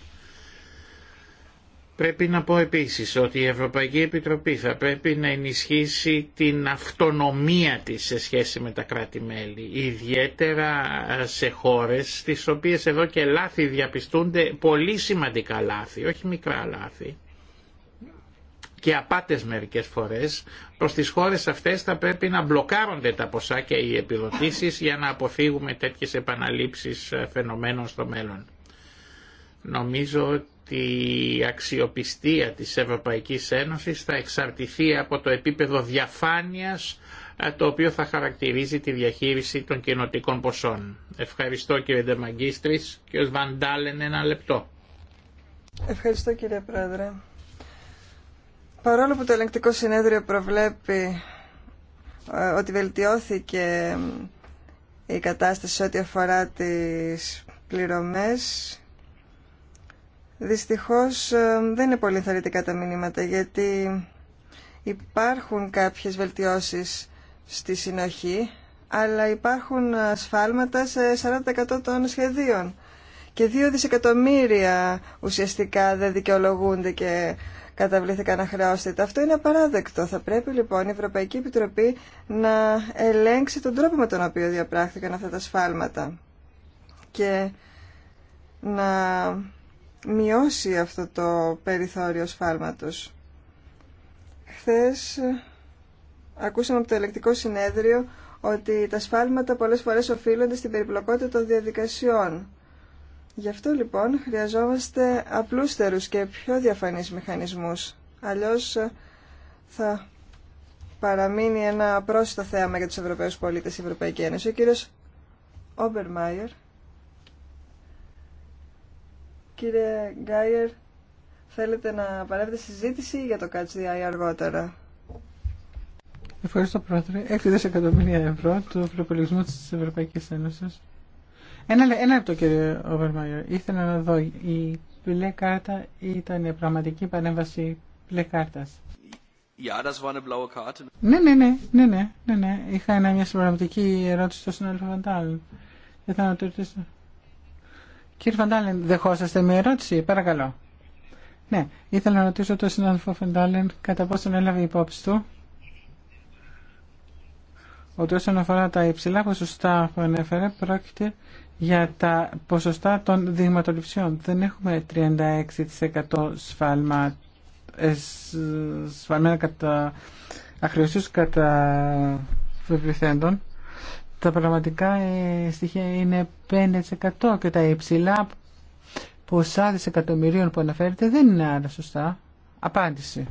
Πρέπει να πω επίσης ότι η Ευρωπαϊκή Επιτροπή θα πρέπει να ενισχύσει την αυτονομία της σε σχέση με τα κράτη-μέλη, ιδιαίτερα ε, σε χώρες στις οποίες εδώ και λάθη διαπιστούνται πολύ σημαντικά λάθη, όχι μικρά λάθη και απάτες μερικές φορές, προς τις χώρες αυτές θα πρέπει να μπλοκάρονται τα ποσά και οι επιδοτήσεις για να αποφύγουμε τέτοιες επαναλήψεις ε, φαινομένων στο μέλλον. Νομίζω ότι η αξιοπιστία της Ευρωπαϊκής Ένωσης θα εξαρτηθεί από το επίπεδο διαφάνειας ε, το οποίο θα χαρακτηρίζει τη διαχείριση των κοινοτικών ποσών. Ευχαριστώ κύριε και Κύριος Βαντάλεν ένα λεπτό. Ευχαριστώ κύριε Πρόεδρε. Παρόλο που το ελεγκτικό συνέδριο προβλέπει ε, ότι βελτιώθηκε ε, η κατάσταση ό,τι αφορά τις πληρωμές, δυστυχώς ε, δεν είναι πολύ θεωρητικά τα μηνύματα, γιατί υπάρχουν κάποιες βελτιώσεις στη συνοχή, αλλά υπάρχουν ασφάλματα σε 40% των σχεδίων. Και 2 δισεκατομμύρια ουσιαστικά δεν δικαιολογούνται και να αχρεώστητα. Αυτό είναι απαράδεκτο. Θα πρέπει λοιπόν η Ευρωπαϊκή Επιτροπή να ελέγξει τον τρόπο με τον οποίο διαπράχθηκαν αυτά τα σφάλματα και να μειώσει αυτό το περιθώριο σφάλματος. Χθες ακούσαμε από το ελεκτικό συνέδριο ότι τα σφάλματα πολλές φορές οφείλονται στην περιπλοκότητα των διαδικασιών Γι' αυτό λοιπόν χρειαζόμαστε απλούστερους και πιο διαφανείς μηχανισμούς. Αλλιώς ε, θα παραμείνει ένα πρόσιτο θέαμα για τους Ευρωπαίους πολίτες η Ευρωπαϊκή Ένωση. Ο κύριος Όμπερ Μάιερ. Κύριε Γκάιερ, θέλετε να παρέμβετε συζήτηση για το Catch αργότερα. Ευχαριστώ, Πρόεδρε. Έχει δισεκατομμύρια ευρώ του προπολογισμού της Ευρωπαϊκής Ένωσης ένα, ένα λεπτό κύριε Οβερμαγερ. Ήθελα να δω. Η μπλε κάρτα ήταν η πραγματική παρέμβαση πλε κάρτα. Ναι, ναι, ναι, ναι, ναι, Είχα μια συμπραγματική ερώτηση στον συνάδελφο Φαντάλ. ήθελα να το ρωτήσω. Κύριε Φαντάλεν, δεχόσαστε μια ερώτηση, παρακαλώ. Ναι, ήθελα να ρωτήσω τον συνάδελφο Φαντάλεν κατά πόσον έλαβε υπόψη του ότι όσον αφορά τα υψηλά ποσοστά που ανέφερε, πρόκειται για τα ποσοστά των δειγματοληψιών. Δεν έχουμε 36% σφάλμα, ε, σφαλμένα κατά αχρεωσίους κατά Τα πραγματικά ε, στοιχεία είναι 5% και τα υψηλά ποσά δισεκατομμυρίων που αναφέρεται δεν είναι άλλα σωστά. Απάντηση.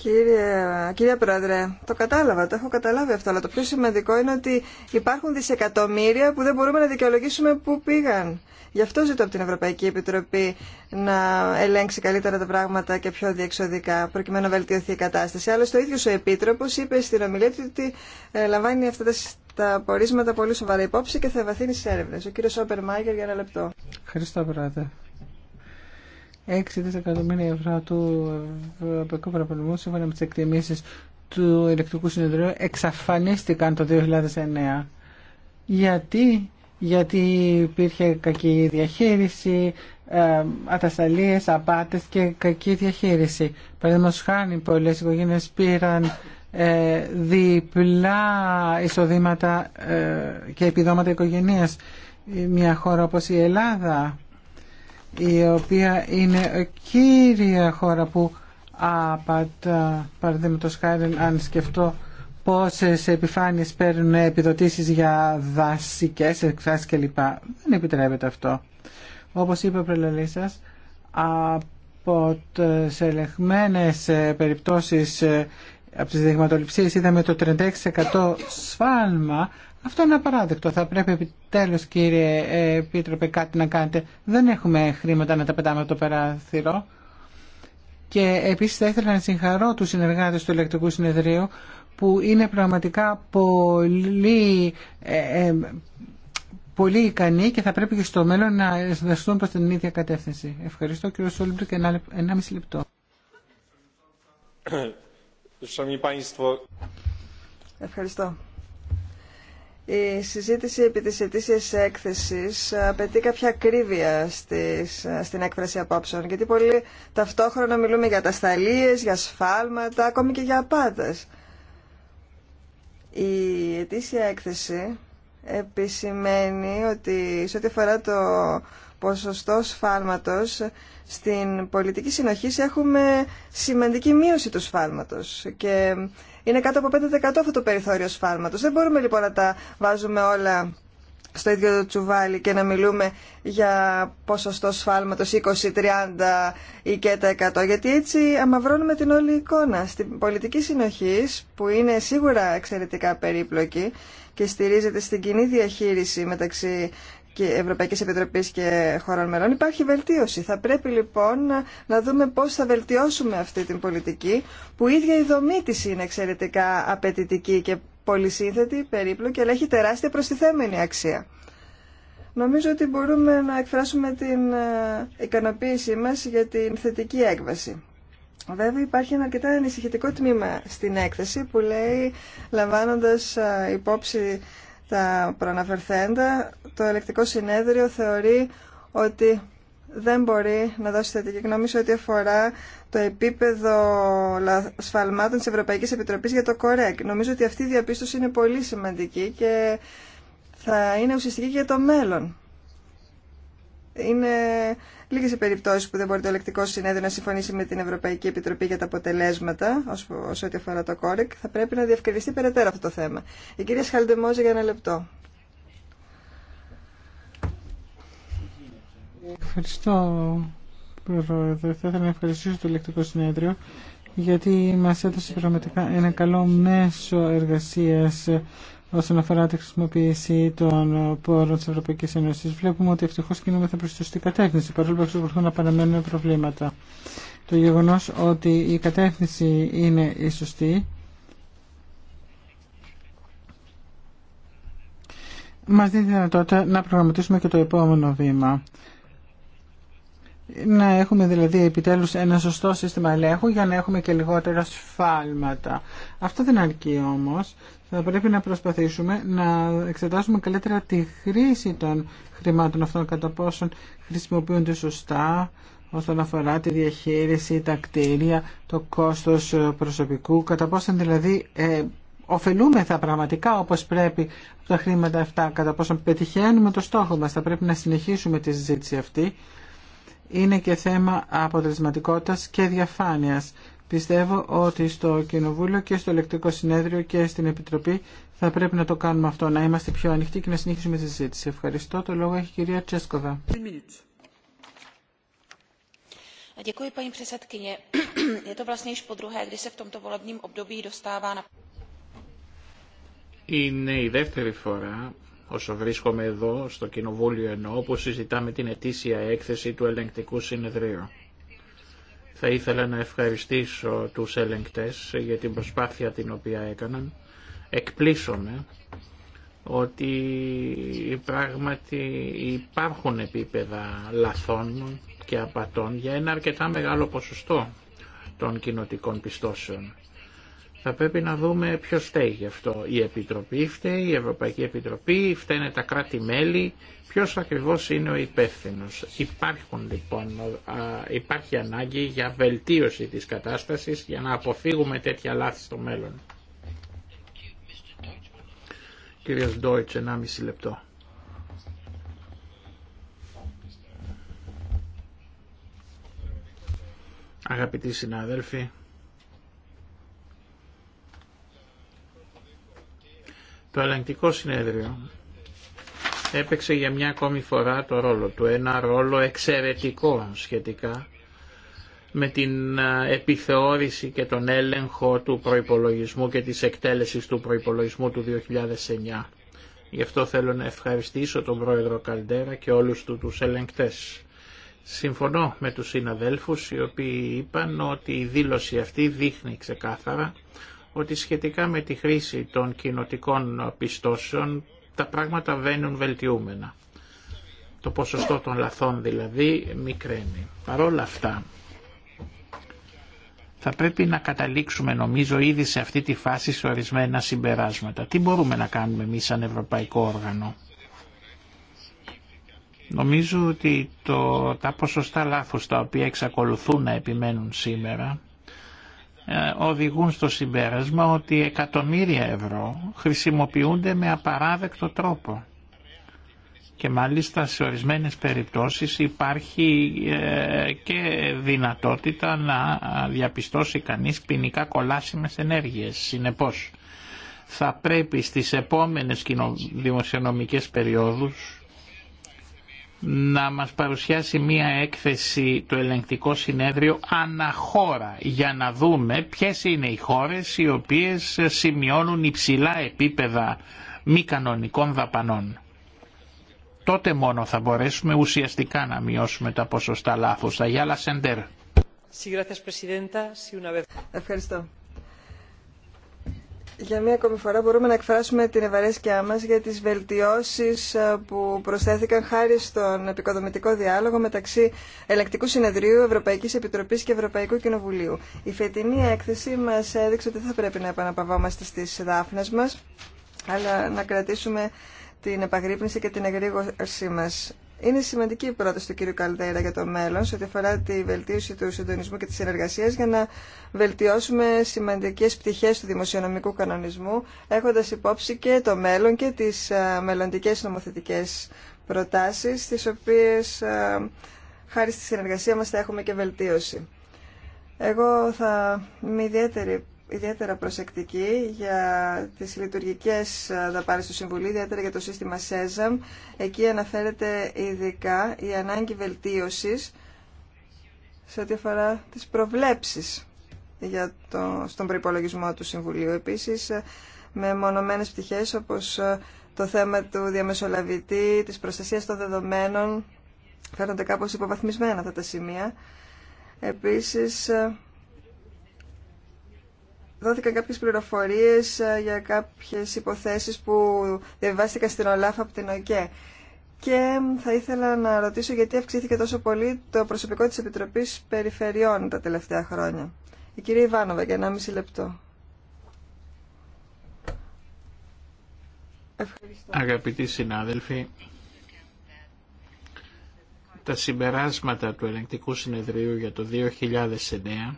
Κύριε, κύριε Πρόεδρε, το κατάλαβα, το έχω καταλάβει αυτό, αλλά το πιο σημαντικό είναι ότι υπάρχουν δισεκατομμύρια που δεν μπορούμε να δικαιολογήσουμε πού πήγαν. Γι' αυτό ζητώ από την Ευρωπαϊκή Επιτροπή να ελέγξει καλύτερα τα πράγματα και πιο διεξοδικά, προκειμένου να βελτιωθεί η κατάσταση. Άλλωστε, ο ίδιο ο Επίτροπο είπε στην ομιλία του ότι ε, λαμβάνει αυτά τα, τα πορίσματα πολύ σοβαρά υπόψη και θα βαθύνει στι έρευνε. Ο κύριο Όπερ Μάγκερ για ένα λεπτό. Ευχαριστώ, Πρόεδρε. 6 δισεκατομμύρια ευρώ του Ευρωπαϊκού Προπολισμού σύμφωνα με τις εκτιμήσεις του ηλεκτρικού συνεδρίου εξαφανίστηκαν το 2009. Γιατί, γιατί υπήρχε κακή διαχείριση, ε, ατασταλίες, απάτες και κακή διαχείριση. Παραδείγματος χάνει πολλές οικογένειες πήραν ε, διπλά εισοδήματα ε, και επιδόματα οικογένειας. Μια χώρα όπως η Ελλάδα η οποία είναι κύρια χώρα που απατά, παραδείγματος χάρη αν σκεφτώ πόσες επιφάνειες παίρνουν επιδοτήσεις για δασικές εκφράσεις κλπ. Δεν επιτρέπεται αυτό. Όπως είπε ο σας, από τις ελεγμένες ε, περιπτώσεις ε, από τις δειγματοληψίες είδαμε το 36% σφάλμα αυτό είναι απαράδεκτο. Θα πρέπει επιτέλους κύριε Επίτροπε κάτι να κάνετε. Δεν έχουμε χρήματα να τα πετάμε από το παράθυρο. Και επίσης θα ήθελα να συγχαρώ τους συνεργάτες του ηλεκτρικού συνεδρίου που είναι πραγματικά πολύ, ε, ε, πολύ ικανοί και θα πρέπει και στο μέλλον να συνδεστούν προς την ίδια κατεύθυνση. Ευχαριστώ κύριο Σόλμπρου και ένα, ένα μισή λεπτό. Ευχαριστώ. Η συζήτηση επί της ετήσιας έκθεσης απαιτεί κάποια ακρίβεια στην έκφραση απόψεων, γιατί πολύ ταυτόχρονα μιλούμε για τασταλίες, για σφάλματα, ακόμη και για απάτες. Η ετήσια έκθεση επισημαίνει ότι σε ό,τι αφορά το ποσοστό σφάλματος στην πολιτική συνοχή έχουμε σημαντική μείωση του σφάλματος και είναι κάτω από 5% αυτό το περιθώριο σφάλματος. Δεν μπορούμε λοιπόν να τα βάζουμε όλα στο ίδιο το τσουβάλι και να μιλούμε για ποσοστό σφάλματος 20, 30 ή και τα 100 γιατί έτσι αμαυρώνουμε την όλη εικόνα. Στην πολιτική συνοχή που είναι σίγουρα εξαιρετικά περίπλοκη και στηρίζεται στην κοινή διαχείριση μεταξύ και Ευρωπαϊκής Επιτροπής και χωρών μερών υπάρχει βελτίωση. Θα πρέπει λοιπόν να δούμε πώς θα βελτιώσουμε αυτή την πολιτική που ίδια η δομή της είναι εξαιρετικά απαιτητική και πολυσύνθετη, περίπλοκη, αλλά έχει τεράστια προστιθέμενη αξία. Νομίζω ότι μπορούμε να εκφράσουμε την ε, ικανοποίησή μας για την θετική έκβαση. Βέβαια υπάρχει ένα αρκετά ανησυχητικό τμήμα στην έκθεση που λέει λαμβάνοντας ε, υπόψη τα προαναφερθέντα, το ελεκτικό συνέδριο θεωρεί ότι δεν μπορεί να δώσει θετική γνώμη σε ό,τι αφορά το επίπεδο σφαλμάτων της Ευρωπαϊκής Επιτροπής για το ΚΟΡΕΚ. Νομίζω ότι αυτή η διαπίστωση είναι πολύ σημαντική και θα είναι ουσιαστική για το μέλλον. Είναι Λίγες οι περιπτώσεις που δεν μπορεί το ελεκτικό συνέδριο να συμφωνήσει με την Ευρωπαϊκή Επιτροπή για τα αποτελέσματα όσο ό,τι αφορά το κόρεκ. Θα πρέπει να διευκρινιστεί περαιτέρω αυτό το θέμα. Η κυρία Σχαλντεμόζη για ένα λεπτό. Ευχαριστώ, Πρόεδρε. Θα ήθελα να ευχαριστήσω το ελεκτικό συνέδριο γιατί μας έδωσε πραγματικά ένα καλό μέσο εργασίας Όσον αφορά τη χρησιμοποίηση των πόρων τη Ευρωπαϊκή Ένωση, βλέπουμε ότι ευτυχώ κινούμεθα προ τη σωστή κατεύθυνση, παρόλο που εξακολουθούν να παραμένουν προβλήματα. Το γεγονό ότι η κατεύθυνση είναι η σωστή Μα δίνει τη δυνατότητα να προγραμματίσουμε και το επόμενο βήμα. Να έχουμε δηλαδή επιτέλους ένα σωστό σύστημα ελέγχου για να έχουμε και λιγότερα σφάλματα. Αυτό δεν αρκεί όμως θα πρέπει να προσπαθήσουμε να εξετάσουμε καλύτερα τη χρήση των χρημάτων αυτών κατά πόσον χρησιμοποιούνται σωστά όσον αφορά τη διαχείριση, τα κτίρια, το κόστος προσωπικού, κατά πόσον δηλαδή ε, ωφελούμεθα πραγματικά όπως πρέπει τα χρήματα αυτά, κατά πόσον πετυχαίνουμε το στόχο μας, θα πρέπει να συνεχίσουμε τη συζήτηση αυτή. Είναι και θέμα αποτελεσματικότητας και διαφάνειας. Πιστεύω ότι στο Κοινοβούλιο και στο Ελεκτρικό Συνέδριο και στην Επιτροπή θα πρέπει να το κάνουμε αυτό, να είμαστε πιο ανοιχτοί και να συνεχίσουμε τη συζήτηση. Ευχαριστώ. Το λόγο έχει η κυρία Τσέσκοβα. Είναι η δεύτερη φορά όσο βρίσκομαι εδώ στο Κοινοβούλιο ενώ που συζητάμε την ετήσια έκθεση του ελεγκτικού συνεδρίου. Θα ήθελα να ευχαριστήσω τους ελεγκτές για την προσπάθεια την οποία έκαναν. Εκπλήσωμε ότι πράγματι υπάρχουν επίπεδα λαθών και απατών για ένα αρκετά μεγάλο ποσοστό των κοινοτικών πιστώσεων. Θα πρέπει να δούμε ποιος φταίει γι' αυτό. Η Επιτροπή φταίει, η Ευρωπαϊκή Επιτροπή, φταίνε τα κράτη-μέλη. Ποιος ακριβώς είναι ο υπεύθυνο. Υπάρχουν λοιπόν, υπάρχει ανάγκη για βελτίωση της κατάστασης για να αποφύγουμε τέτοια λάθη στο μέλλον. Κύριος Ντόιτς, μισή λεπτό. Αγαπητοί συνάδελφοι, Το ελεγκτικό συνέδριο έπαιξε για μια ακόμη φορά το ρόλο του, ένα ρόλο εξαιρετικό σχετικά με την επιθεώρηση και τον έλεγχο του προϋπολογισμού και της εκτέλεσης του προϋπολογισμού του 2009. Γι' αυτό θέλω να ευχαριστήσω τον πρόεδρο Καλντέρα και όλους του τους ελεγκτές. Συμφωνώ με τους συναδέλφους οι οποίοι είπαν ότι η δήλωση αυτή δείχνει ξεκάθαρα ότι σχετικά με τη χρήση των κοινοτικών πιστώσεων τα πράγματα βαίνουν βελτιούμενα. Το ποσοστό των λαθών δηλαδή μικραίνει. Παρ' όλα αυτά θα πρέπει να καταλήξουμε νομίζω ήδη σε αυτή τη φάση σε ορισμένα συμπεράσματα. Τι μπορούμε να κάνουμε εμείς σαν Ευρωπαϊκό Όργανο. Νομίζω ότι το, τα ποσοστά λάθους τα οποία εξακολουθούν να επιμένουν σήμερα ε, οδηγούν στο συμπέρασμα ότι εκατομμύρια ευρώ χρησιμοποιούνται με απαράδεκτο τρόπο και μάλιστα σε ορισμένες περιπτώσεις υπάρχει ε, και δυνατότητα να διαπιστώσει κανείς ποινικά κολάσιμες ενέργειες. Συνεπώς θα πρέπει στις επόμενες δημοσιονομικές περιόδους να μας παρουσιάσει μία έκθεση το ελεγκτικό συνέδριο αναχώρα για να δούμε ποιες είναι οι χώρες οι οποίες σημειώνουν υψηλά επίπεδα μη κανονικών δαπανών. Τότε μόνο θα μπορέσουμε ουσιαστικά να μειώσουμε τα ποσοστά λάθους. Αγιάλα Σεντέρ. Ευχαριστώ. Για μία ακόμη φορά μπορούμε να εκφράσουμε την ευαρέσκειά μας για τις βελτιώσεις ε, που προσθέθηκαν χάρη στον επικοδομητικό διάλογο μεταξύ Ελεκτικού Συνεδρίου, Ευρωπαϊκής Επιτροπής και Ευρωπαϊκού Κοινοβουλίου. Η φετινή έκθεση μας έδειξε ότι δεν θα πρέπει να επαναπαυόμαστε στις δάφνες μας, αλλά να κρατήσουμε την επαγρύπνηση και την εγρήγορσή μας. Είναι σημαντική η πρόταση του κ. Καλδέρα για το μέλλον σε ό,τι αφορά τη βελτίωση του συντονισμού και τη συνεργασία για να βελτιώσουμε σημαντικέ πτυχέ του δημοσιονομικού κανονισμού, έχοντα υπόψη και το μέλλον και τι ε, μελλοντικέ νομοθετικέ προτάσει, τι οποίε ε, χάρη στη συνεργασία μα θα έχουμε και βελτίωση. Εγώ θα είμαι ιδιαίτερη ιδιαίτερα προσεκτική για τις λειτουργικές ε, δαπάνες του Συμβουλίου, ιδιαίτερα για το σύστημα ΣΕΖΑΜ. Εκεί αναφέρεται ειδικά η ανάγκη βελτίωσης σε ό,τι αφορά τις προβλέψεις για το, στον προϋπολογισμό του Συμβουλίου. Επίσης, ε, με μονομένες πτυχές όπως ε, το θέμα του διαμεσολαβητή, της προστασίας των δεδομένων, φαίνονται κάπως υποβαθμισμένα αυτά τα σημεία. Επίσης, δόθηκαν κάποιες πληροφορίες ε, για κάποιες υποθέσεις που διαβάστηκαν στην ΟΛΑΦ από την ΟΚΕ. Και θα ήθελα να ρωτήσω γιατί αυξήθηκε τόσο πολύ το προσωπικό της Επιτροπής Περιφερειών τα τελευταία χρόνια. Η κυρία Ιβάνοβα για 1,5 λεπτό. Ευχαριστώ. Αγαπητοί συνάδελφοι, τα συμπεράσματα του ελεγκτικού συνεδρίου για το 2009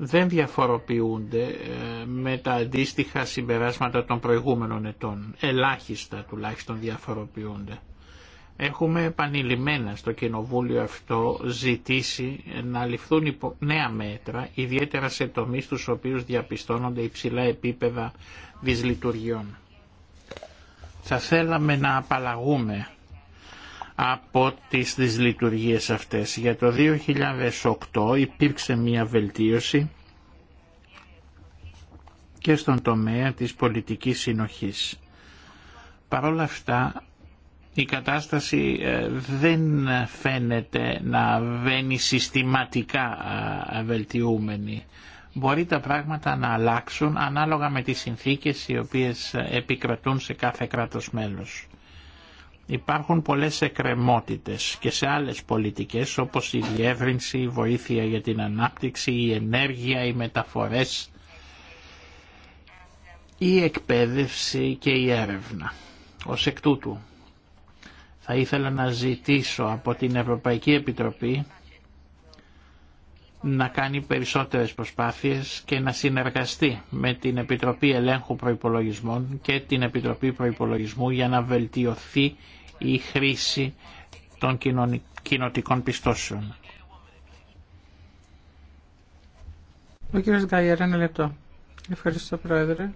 δεν διαφοροποιούνται ε, με τα αντίστοιχα συμπεράσματα των προηγούμενων ετών. Ελάχιστα τουλάχιστον διαφοροποιούνται. Έχουμε επανειλημμένα στο Κοινοβούλιο αυτό ζητήσει να ληφθούν νέα μέτρα, ιδιαίτερα σε τομείς τους οποίους διαπιστώνονται υψηλά επίπεδα δυσλειτουργιών. Θα θέλαμε να απαλλαγούμε από τις δυσλειτουργίες αυτές. Για το 2008 υπήρξε μία βελτίωση και στον τομέα της πολιτικής συνοχής. Παρ' όλα αυτά η κατάσταση ε, δεν φαίνεται να βαίνει συστηματικά ε, βελτιούμενη. Μπορεί τα πράγματα να αλλάξουν ανάλογα με τις συνθήκες οι οποίες ε, επικρατούν σε κάθε κράτος μέλος. Υπάρχουν πολλές εκκρεμότητες και σε άλλες πολιτικές όπως η διεύρυνση, η βοήθεια για την ανάπτυξη, η ενέργεια, οι μεταφορές, η εκπαίδευση και η έρευνα. Ως εκ τούτου θα ήθελα να ζητήσω από την Ευρωπαϊκή Επιτροπή να κάνει περισσότερες προσπάθειες και να συνεργαστεί με την Επιτροπή Ελέγχου Προϋπολογισμών και την Επιτροπή Προϋπολογισμού για να βελτιωθεί η χρήση των κοινοτικών πιστώσεων. Ο κύριος Γκάιερ, ένα λεπτό. Ευχαριστώ, Πρόεδρε.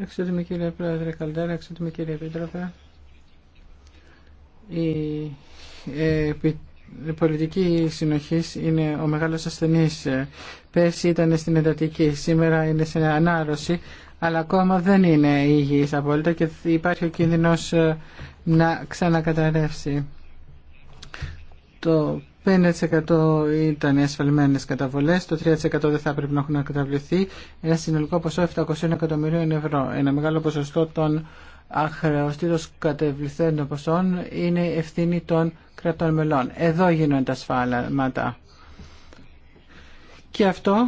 Εξωτιμή κύριε Πρόεδρε Καλτέρα, εξωτιμή κύριε Επίτροπε. Η ε, η πολιτική συνοχή είναι ο μεγάλο ασθενή Πέρσι ήταν στην εντατική, σήμερα είναι σε ανάρρωση, αλλά ακόμα δεν είναι υγιή απόλυτα και υπάρχει ο κίνδυνος ε, να ξανακαταρρεύσει. Το 5% ήταν ασφαλμένες καταβολές, το 3% δεν θα πρέπει να έχουν καταβληθεί, ένα συνολικό ποσό 700 εκατομμυρίων ευρώ, ένα μεγάλο ποσοστό των αχρεωστήτως κατεβληθέντων ποσών είναι ευθύνη των κρατών μελών. Εδώ γίνονται τα σφάλματα. Και αυτό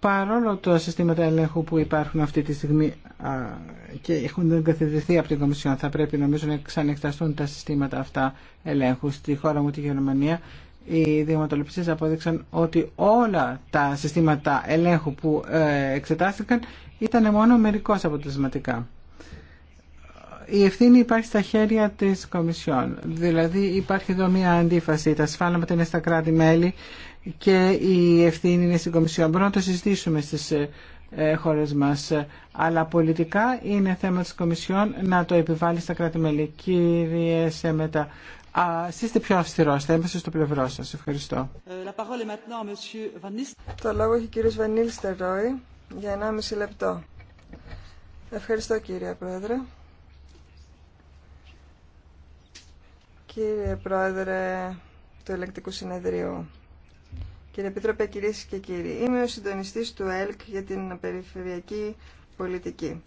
παρόλο το συστήματα ελέγχου που υπάρχουν αυτή τη στιγμή και έχουν εγκαθιδρυθεί από την Κομισιόν, θα πρέπει νομίζω να ξανεκταστούν τα συστήματα αυτά ελέγχου. Στη χώρα μου, τη Γερμανία, οι δειγματοληψίες απόδειξαν ότι όλα τα συστήματα ελέγχου που ε, εξετάστηκαν ήταν μόνο μερικώς αποτελεσματικά η ευθύνη υπάρχει στα χέρια της Κομισιόν. Δηλαδή υπάρχει εδώ μια αντίφαση. Τα σφάλματα είναι στα κράτη-μέλη και η ευθύνη είναι στην Κομισιόν. Μπορούμε να το συζητήσουμε στις ε, ε, χώρες μας. Αλλά πολιτικά είναι θέμα της Κομισιόν να το επιβάλλει στα κράτη-μέλη. Κύριε Σέμετα, είστε πιο αυστηρός. Θα είμαστε στο πλευρό σας. Ευχαριστώ. Ε, το λόγο έχει ο κύριος Βανίλ Στερόι για 1,5 λεπτό. Ευχαριστώ κύριε Πρόεδρε. Κύριε Πρόεδρε του Ελεκτικού Συνεδρίου, κύριε Επίτροπε, κυρίε και κύριοι, είμαι ο συντονιστή του ΕΛΚ για την περιφερειακή πολιτική.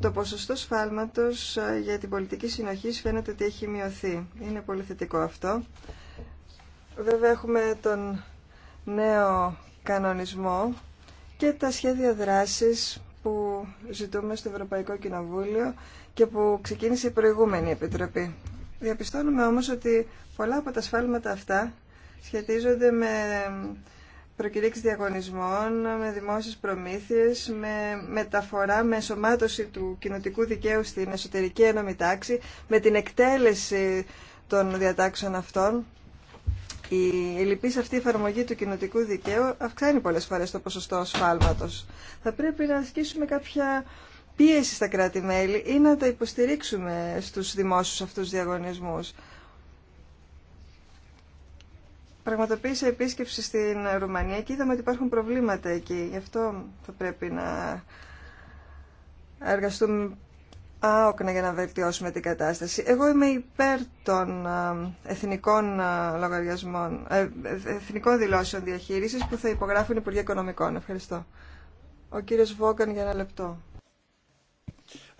Το ποσοστό σφάλματος ε, για την πολιτική συνοχή φαίνεται ότι έχει μειωθεί. Είναι πολύ θετικό αυτό. Βέβαια έχουμε τον νέο κανονισμό και τα σχέδια δράσης που ζητούμε στο Ευρωπαϊκό Κοινοβούλιο και που ξεκίνησε η προηγούμενη Επιτροπή. Διαπιστώνουμε όμως ότι πολλά από τα σφάλματα αυτά σχετίζονται με προκηρύξεις διαγωνισμών, με δημόσιες προμήθειες, με μεταφορά, με ενσωμάτωση του κοινοτικού δικαίου στην εσωτερική ένωμη τάξη, με την εκτέλεση των διατάξεων αυτών. Η ελληπής αυτή εφαρμογή του κοινοτικού δικαίου αυξάνει πολλές φορές το ποσοστό σφάλματος. Θα πρέπει να ασκήσουμε κάποια πίεση στα κράτη-μέλη ή να τα υποστηρίξουμε στους δημόσιους αυτούς διαγωνισμούς. Πραγματοποίησα επίσκεψη στην Ρουμανία και είδαμε ότι υπάρχουν προβλήματα εκεί. Γι' αυτό θα πρέπει να εργαστούμε άοκνα για να βελτιώσουμε την κατάσταση. Εγώ είμαι υπέρ των εθνικών, λογαριασμών, ε, ε, εθνικών δηλώσεων διαχείρισης που θα υπογράφουν οι Υπουργοί Οικονομικών. Ευχαριστώ. Ο κύριος Βόγκαν για ένα λεπτό.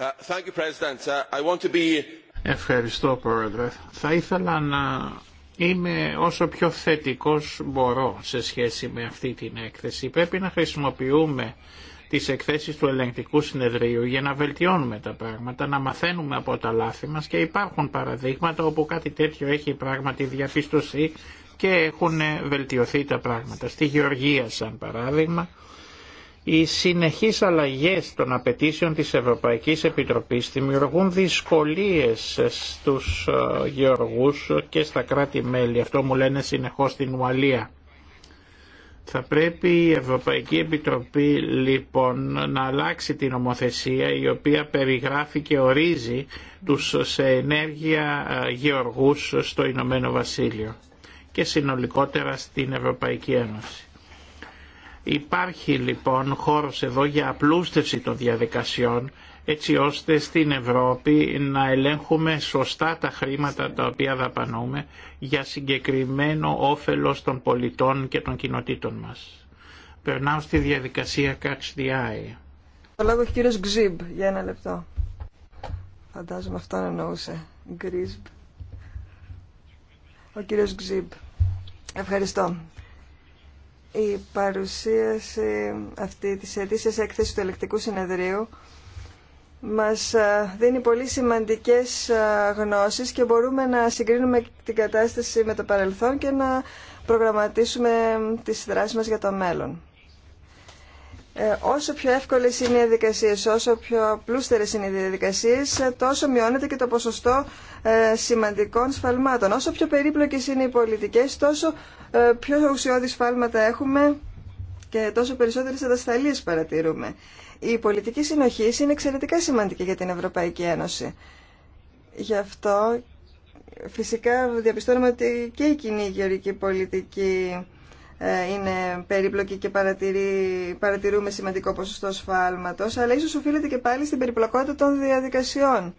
Uh, uh, Ευχαριστώ Πρόεδρε. Θα ήθελα να είμαι όσο πιο θετικός μπορώ σε σχέση με αυτή την έκθεση. Πρέπει να χρησιμοποιούμε τις εκθέσεις του ελεγκτικού συνεδρίου για να βελτιώνουμε τα πράγματα, να μαθαίνουμε από τα λάθη μας και υπάρχουν παραδείγματα όπου κάτι τέτοιο έχει πράγματι διαπιστωθεί και έχουν βελτιωθεί τα πράγματα. Στη Γεωργία σαν παράδειγμα οι συνεχείς αλλαγές των απαιτήσεων της Ευρωπαϊκής Επιτροπής δημιουργούν δυσκολίες στους ε, γεωργούς και στα κράτη-μέλη. Αυτό μου λένε συνεχώς στην Ουαλία. Θα πρέπει η Ευρωπαϊκή Επιτροπή λοιπόν να αλλάξει την ομοθεσία η οποία περιγράφει και ορίζει τους σε ενέργεια ε, γεωργούς στο Ηνωμένο Βασίλειο και συνολικότερα στην Ευρωπαϊκή Ένωση. Υπάρχει λοιπόν χώρος εδώ για απλούστευση των διαδικασιών έτσι ώστε στην Ευρώπη να ελέγχουμε σωστά τα χρήματα τα οποία δαπανούμε για συγκεκριμένο όφελος των πολιτών και των κοινοτήτων μας. Περνάω στη διαδικασία Catch the Eye. Το λόγο έχει κύριος Γκζίμπ για ένα λεπτό. Φαντάζομαι αυτό εννοούσε. Ο κύριος Γκζίμπ. Ευχαριστώ η παρουσίαση αυτή της αιτήσιας έκθεσης του Ελεκτικού Συνεδρίου μας ε, δίνει πολύ σημαντικές ε, γνώσεις και μπορούμε να συγκρίνουμε την κατάσταση με το παρελθόν και να προγραμματίσουμε τις δράσεις μας για το μέλλον. Ε, όσο πιο εύκολε είναι οι διαδικασίε, όσο πιο πλούστερες είναι οι διαδικασίε, τόσο μειώνεται και το ποσοστό ε, σημαντικών σφαλμάτων. Όσο πιο περίπλοκες είναι οι πολιτικέ, τόσο ε, πιο ουσιώδη σφάλματα έχουμε και τόσο περισσότερες ατασταλίες παρατηρούμε. Η πολιτική συνοχή είναι εξαιρετικά σημαντική για την Ευρωπαϊκή Ένωση. Γι' αυτό φυσικά διαπιστώνουμε ότι και η κοινή γεωρική πολιτική ε, είναι περίπλοκη και παρατηρούμε σημαντικό ποσοστό σφάλματος, αλλά ίσως οφείλεται και πάλι στην περιπλοκότητα των διαδικασιών.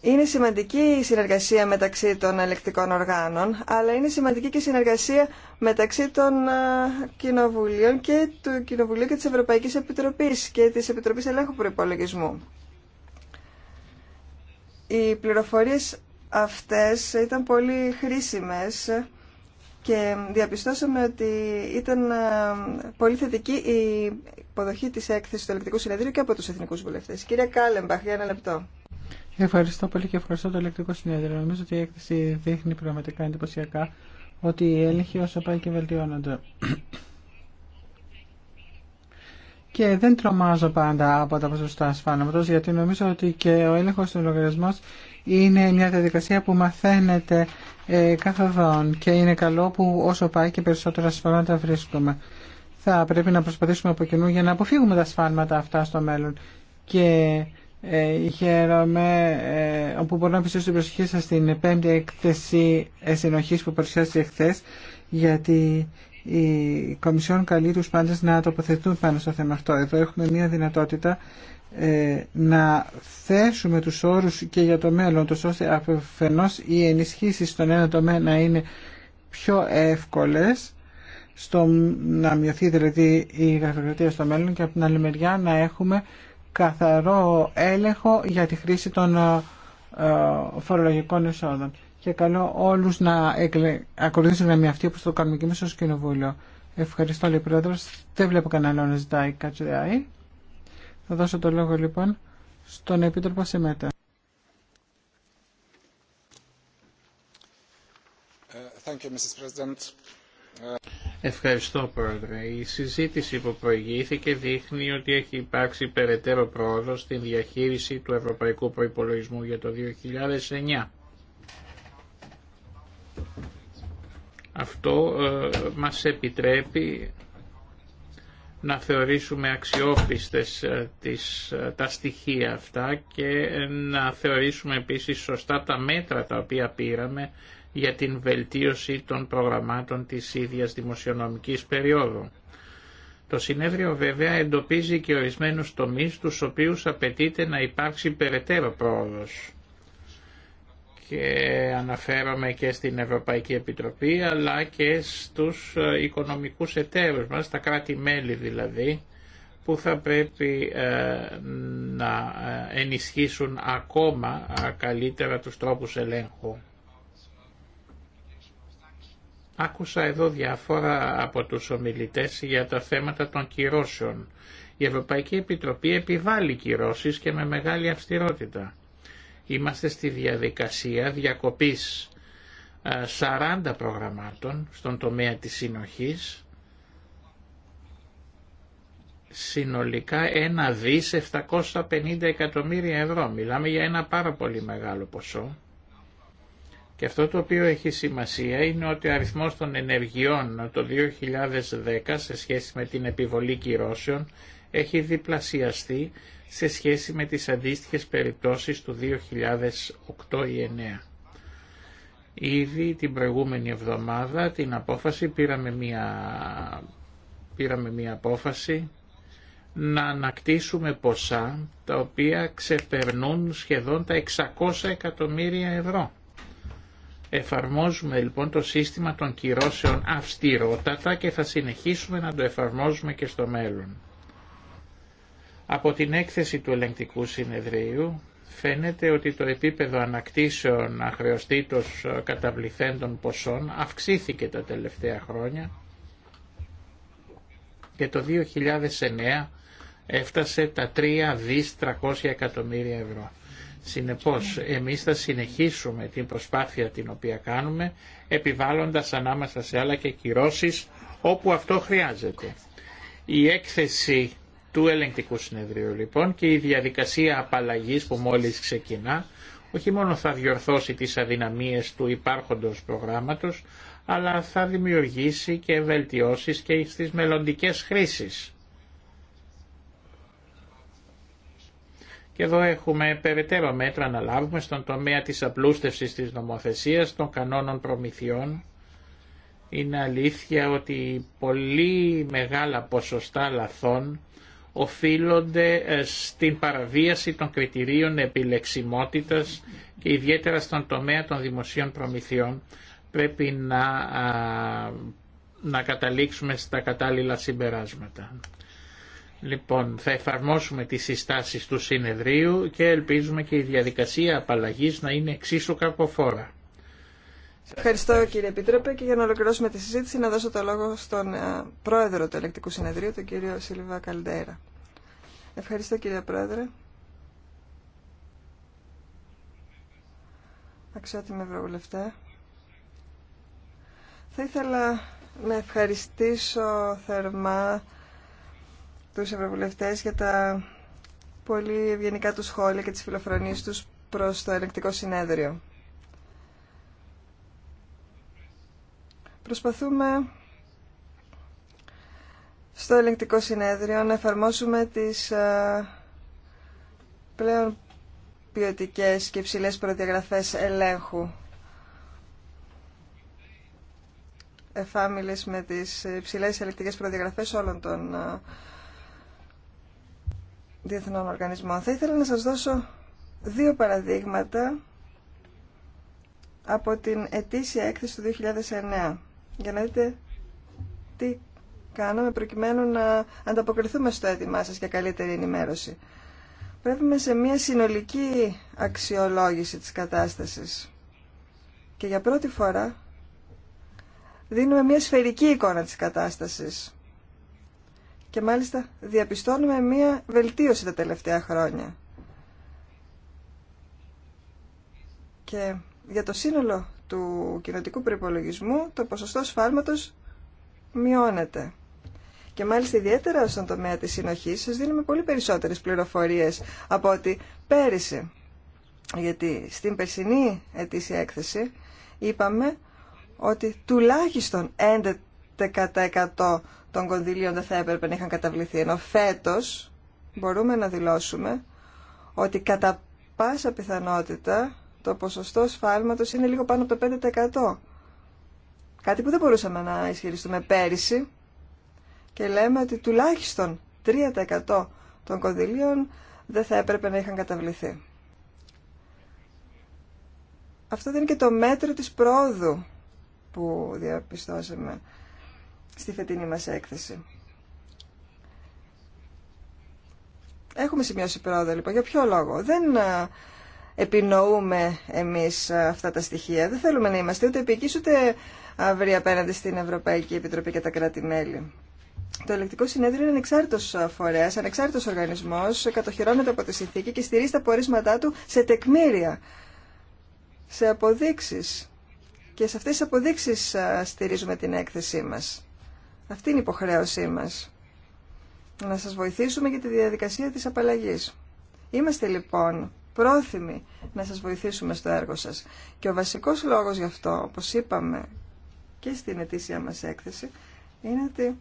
Είναι σημαντική η συνεργασία μεταξύ των ελεκτικών οργάνων, αλλά είναι σημαντική και η συνεργασία μεταξύ των ε, κοινοβουλίων και του Κοινοβουλίου και της Ευρωπαϊκής Επιτροπής και της Επιτροπής Ελέγχου Προϋπολογισμού. Οι πληροφορίες αυτές ήταν πολύ χρήσιμες και διαπιστώσαμε ότι ήταν ε, πολύ θετική η υποδοχή της έκθεσης του Ελεκτικού Συνεδρίου και από τους Εθνικούς Βουλευτές. Κυρία Κάλεμπαχ, για ένα λεπτό. Ευχαριστώ πολύ και ευχαριστώ το Ελεκτικό Συνέδριο. Νομίζω ότι η έκθεση δείχνει πραγματικά εντυπωσιακά ότι οι έλεγχοι όσο πάει και βελτιώνονται και δεν τρομάζω πάντα από τα ποσοστά ασφάλματο, γιατί νομίζω ότι και ο έλεγχο του λογαριασμού είναι μια διαδικασία που μαθαίνεται ε, καθοδόν και είναι καλό που όσο πάει και περισσότερα ασφάλματα βρίσκουμε. Θα πρέπει να προσπαθήσουμε από κοινού για να αποφύγουμε τα ασφάλματα αυτά στο μέλλον και ε, χαίρομαι ε, όπου μπορώ να πιστεύω την προσοχή σας στην πέμπτη έκθεση ε, συνοχής που παρουσιάστηκε χθε γιατί η Κομισιόν καλεί τους πάντες να τοποθετούν πάνω στο θέμα αυτό. Εδώ έχουμε μια δυνατότητα ε, να θέσουμε τους όρους και για το μέλλον, τόσο ώστε αφενός οι ενισχύσεις στον ένα τομέα να είναι πιο εύκολες, στο να μειωθεί δηλαδή η γραφειοκρατία στο μέλλον και από την άλλη μεριά να έχουμε καθαρό έλεγχο για τη χρήση των ε, φορολογικών εισόδων και καλώ όλους να εκλε... ακολουθήσουν με αυτή όπως το κάνουμε και μέσα στο κοινοβούλιο. Ευχαριστώ λέει πρόεδρος. Δεν βλέπω κανένα άλλο να ζητάει κάτι. Ε, ε. Θα δώσω το λόγο λοιπόν στον Επίτροπο Σεμέτα. Ευχαριστώ Πρόεδρε. Η συζήτηση που προηγήθηκε δείχνει ότι έχει υπάρξει περαιτέρω πρόοδο στην διαχείριση του Ευρωπαϊκού Προϋπολογισμού για το 2009. Αυτό ε, μας επιτρέπει να θεωρήσουμε αξιόπιστες ε, τις, ε, τα στοιχεία αυτά και να θεωρήσουμε επίσης σωστά τα μέτρα τα οποία πήραμε για την βελτίωση των προγραμμάτων της ίδιας δημοσιονομικής περίοδου. Το συνέδριο βέβαια εντοπίζει και ορισμένους τομείς τους οποίους απαιτείται να υπάρξει περαιτέρω πρόοδος και αναφέρομαι και στην Ευρωπαϊκή Επιτροπή αλλά και στους ε, οικονομικούς εταίρους μας, τα κράτη-μέλη δηλαδή, που θα πρέπει ε, να ε, ενισχύσουν ακόμα καλύτερα τους τρόπους ελέγχου. Άκουσα εδώ διάφορα από τους ομιλητές για τα θέματα των κυρώσεων. Η Ευρωπαϊκή Επιτροπή επιβάλλει κυρώσεις και με μεγάλη αυστηρότητα. Είμαστε στη διαδικασία διακοπής 40 ε, προγραμμάτων στον τομέα της συνοχής, συνολικά 1 δις 750 εκατομμύρια ευρώ. Μιλάμε για ένα πάρα πολύ μεγάλο ποσό. Και αυτό το οποίο έχει σημασία είναι ότι ο αριθμός των ενεργειών το 2010 σε σχέση με την επιβολή κυρώσεων έχει διπλασιαστεί σε σχέση με τις αντίστοιχες περιπτώσεις του 2008 ή 2009. Ήδη την προηγούμενη εβδομάδα την απόφαση πήραμε μια, πήραμε μια απόφαση να ανακτήσουμε ποσά τα οποία ξεπερνούν σχεδόν τα 600 εκατομμύρια ευρώ. Εφαρμόζουμε λοιπόν το σύστημα των κυρώσεων αυστηρότατα και θα συνεχίσουμε να το εφαρμόζουμε και στο μέλλον. Από την έκθεση του ελεγκτικού συνεδρίου φαίνεται ότι το επίπεδο ανακτήσεων αχρεωστήτως καταβληθέντων ποσών αυξήθηκε τα τελευταία χρόνια και το 2009 έφτασε τα 3 δις 300 εκατομμύρια ευρώ. Συνεπώς, εμείς θα συνεχίσουμε την προσπάθεια την οποία κάνουμε, επιβάλλοντας ανάμεσα σε άλλα και κυρώσεις όπου αυτό χρειάζεται. Η έκθεση του ελεγκτικού συνεδρίου λοιπόν και η διαδικασία απαλλαγής που μόλις ξεκινά όχι μόνο θα διορθώσει τις αδυναμίες του υπάρχοντος προγράμματος αλλά θα δημιουργήσει και βελτιώσεις και στις μελλοντικέ χρήσεις. Και εδώ έχουμε περαιτέρω μέτρα να λάβουμε στον τομέα της απλούστευσης της νομοθεσίας, των κανόνων προμηθειών. Είναι αλήθεια ότι πολύ μεγάλα ποσοστά λαθών οφείλονται ε, στην παραβίαση των κριτηρίων επιλεξιμότητας και ιδιαίτερα στον τομέα των δημοσίων προμηθειών πρέπει να, να καταλήξουμε στα κατάλληλα συμπεράσματα. Λοιπόν, θα εφαρμόσουμε τις συστάσεις του συνεδρίου και ελπίζουμε και η διαδικασία απαλλαγής να είναι εξίσου κακοφόρα. Ευχαριστώ κύριε Επίτροπε και για να ολοκληρώσουμε τη συζήτηση να δώσω το λόγο στον ε, πρόεδρο του Ελεκτικού Συνεδρίου, τον κύριο Σίλβα Καλντέρα. Ευχαριστώ κύριε πρόεδρε. Αξιότιμη Ευρωβουλευτέ. Θα ήθελα να ευχαριστήσω θερμά τους Ευρωβουλευτές για τα πολύ ευγενικά του σχόλια και τις φιλοφρονίες τους προς το ελεκτικό συνέδριο. Προσπαθούμε στο ελεγκτικό συνέδριο να εφαρμόσουμε τις ε, πλέον ποιοτικέ και υψηλέ προδιαγραφές ελέγχου εφάμιλες με τις υψηλέ ελεκτικές προδιαγραφές όλων των ε, διεθνών οργανισμών. Θα ήθελα να σας δώσω δύο παραδείγματα από την ετήσια έκθεση του 2009 για να δείτε τι κάνουμε προκειμένου να ανταποκριθούμε στο έτοιμά σας για καλύτερη ενημέρωση. Πρέπει σε μια συνολική αξιολόγηση της κατάστασης και για πρώτη φορά δίνουμε μια σφαιρική εικόνα της κατάστασης και μάλιστα διαπιστώνουμε μια βελτίωση τα τελευταία χρόνια. Και για το σύνολο του κοινοτικού προπολογισμού το ποσοστό σφάλματος μειώνεται. Και μάλιστα ιδιαίτερα στον τομέα της συνοχής σας δίνουμε πολύ περισσότερες πληροφορίες από ότι πέρυσι. Γιατί στην περσινή ετήσια έκθεση είπαμε ότι τουλάχιστον 11% των κονδυλίων δεν θα έπρεπε να είχαν καταβληθεί. Ενώ φέτος μπορούμε να δηλώσουμε ότι κατά πάσα πιθανότητα το ποσοστό σφάλματος είναι λίγο πάνω από το 5%. Κάτι που δεν μπορούσαμε να ισχυριστούμε πέρυσι και λέμε ότι τουλάχιστον 3% των κονδυλίων δεν θα έπρεπε να είχαν καταβληθεί. Αυτό δεν είναι και το μέτρο της πρόοδου που διαπιστώσαμε στη φετινή μας έκθεση. Έχουμε σημειώσει πρόοδο λοιπόν. Για ποιο λόγο. Δεν ε, επινοούμε εμείς αυτά τα στοιχεία. Δεν θέλουμε να είμαστε ούτε επικείς ούτε αύριο απέναντι στην Ευρωπαϊκή Επιτροπή και τα κράτη-μέλη. Το ελεκτικό συνέδριο είναι ανεξάρτητο φορέας, ανεξάρτητο οργανισμός, κατοχυρώνεται από τη συνθήκη και στηρίζει τα πορίσματά του σε τεκμήρια, σε αποδείξει. Και σε αυτές τι αποδείξεις στηρίζουμε την έκθεσή μα. Αυτή είναι η υποχρέωσή μα. Να σα βοηθήσουμε για τη διαδικασία τη απαλλαγή. Είμαστε λοιπόν πρόθυμοι να σας βοηθήσουμε στο έργο σας. Και ο βασικός λόγος γι' αυτό, όπως είπαμε και στην ετήσια μας έκθεση, είναι ότι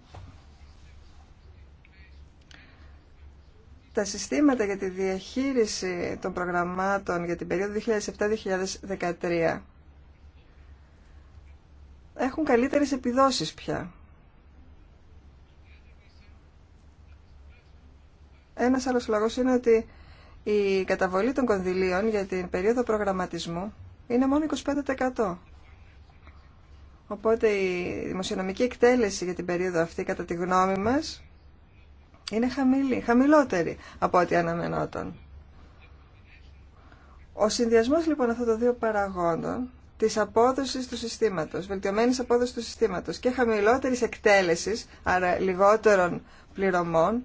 τα συστήματα για τη διαχείριση των προγραμμάτων για την περίοδο 2007-2013 έχουν καλύτερες επιδόσεις πια. Ένας άλλος λόγος είναι ότι η καταβολή των κονδυλίων για την περίοδο προγραμματισμού είναι μόνο 25%. Οπότε η δημοσιονομική εκτέλεση για την περίοδο αυτή, κατά τη γνώμη μας, είναι χαμηλή, χαμηλότερη από ό,τι αναμενόταν. Ο συνδυασμός λοιπόν αυτών των δύο παραγόντων, της απόδοσης του συστήματος, βελτιωμένης απόδοσης του συστήματος και χαμηλότερης εκτέλεσης, άρα λιγότερων πληρωμών,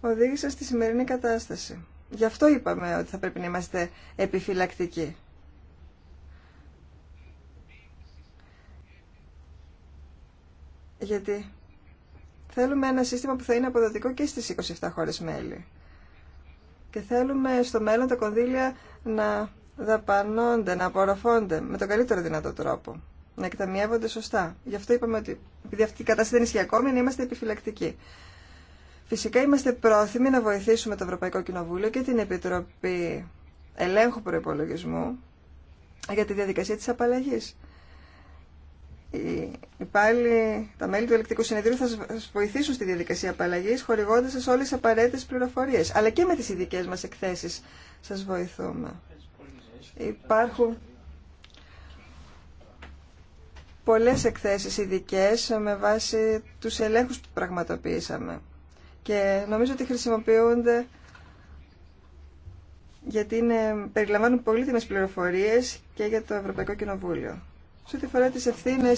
οδήγησαν στη σημερινή κατάσταση. Γι' αυτό είπαμε ότι θα πρέπει να είμαστε επιφυλακτικοί. Γιατί θέλουμε ένα σύστημα που θα είναι αποδοτικό και στις 27 χώρες μέλη. Και θέλουμε στο μέλλον τα κονδύλια να δαπανώνται, να απορροφώνται με τον καλύτερο δυνατό τρόπο. Να εκταμιεύονται σωστά. Γι' αυτό είπαμε ότι επειδή αυτή η κατάσταση δεν ισχύει ακόμη, να είμαστε επιφυλακτικοί. Φυσικά είμαστε πρόθυμοι να βοηθήσουμε το Ευρωπαϊκό Κοινοβούλιο και την Επιτροπή Ελέγχου Προϋπολογισμού για τη διαδικασία της απαλλαγής. Οι τα μέλη του Ελεκτικού Συνεδρίου θα σας βοηθήσουν στη διαδικασία απαλλαγής χορηγώντας σας όλες τις απαραίτητες πληροφορίες. Αλλά και με τις ειδικέ μας εκθέσεις σας βοηθούμε. Υπάρχουν πολλές εκθέσεις ειδικέ με βάση τους ελέγχους που πραγματοποιήσαμε και νομίζω ότι χρησιμοποιούνται γιατί είναι, περιλαμβάνουν πολύτιμες πληροφορίες και για το Ευρωπαϊκό Κοινοβούλιο. Σε ό,τι αφορά τις ευθύνε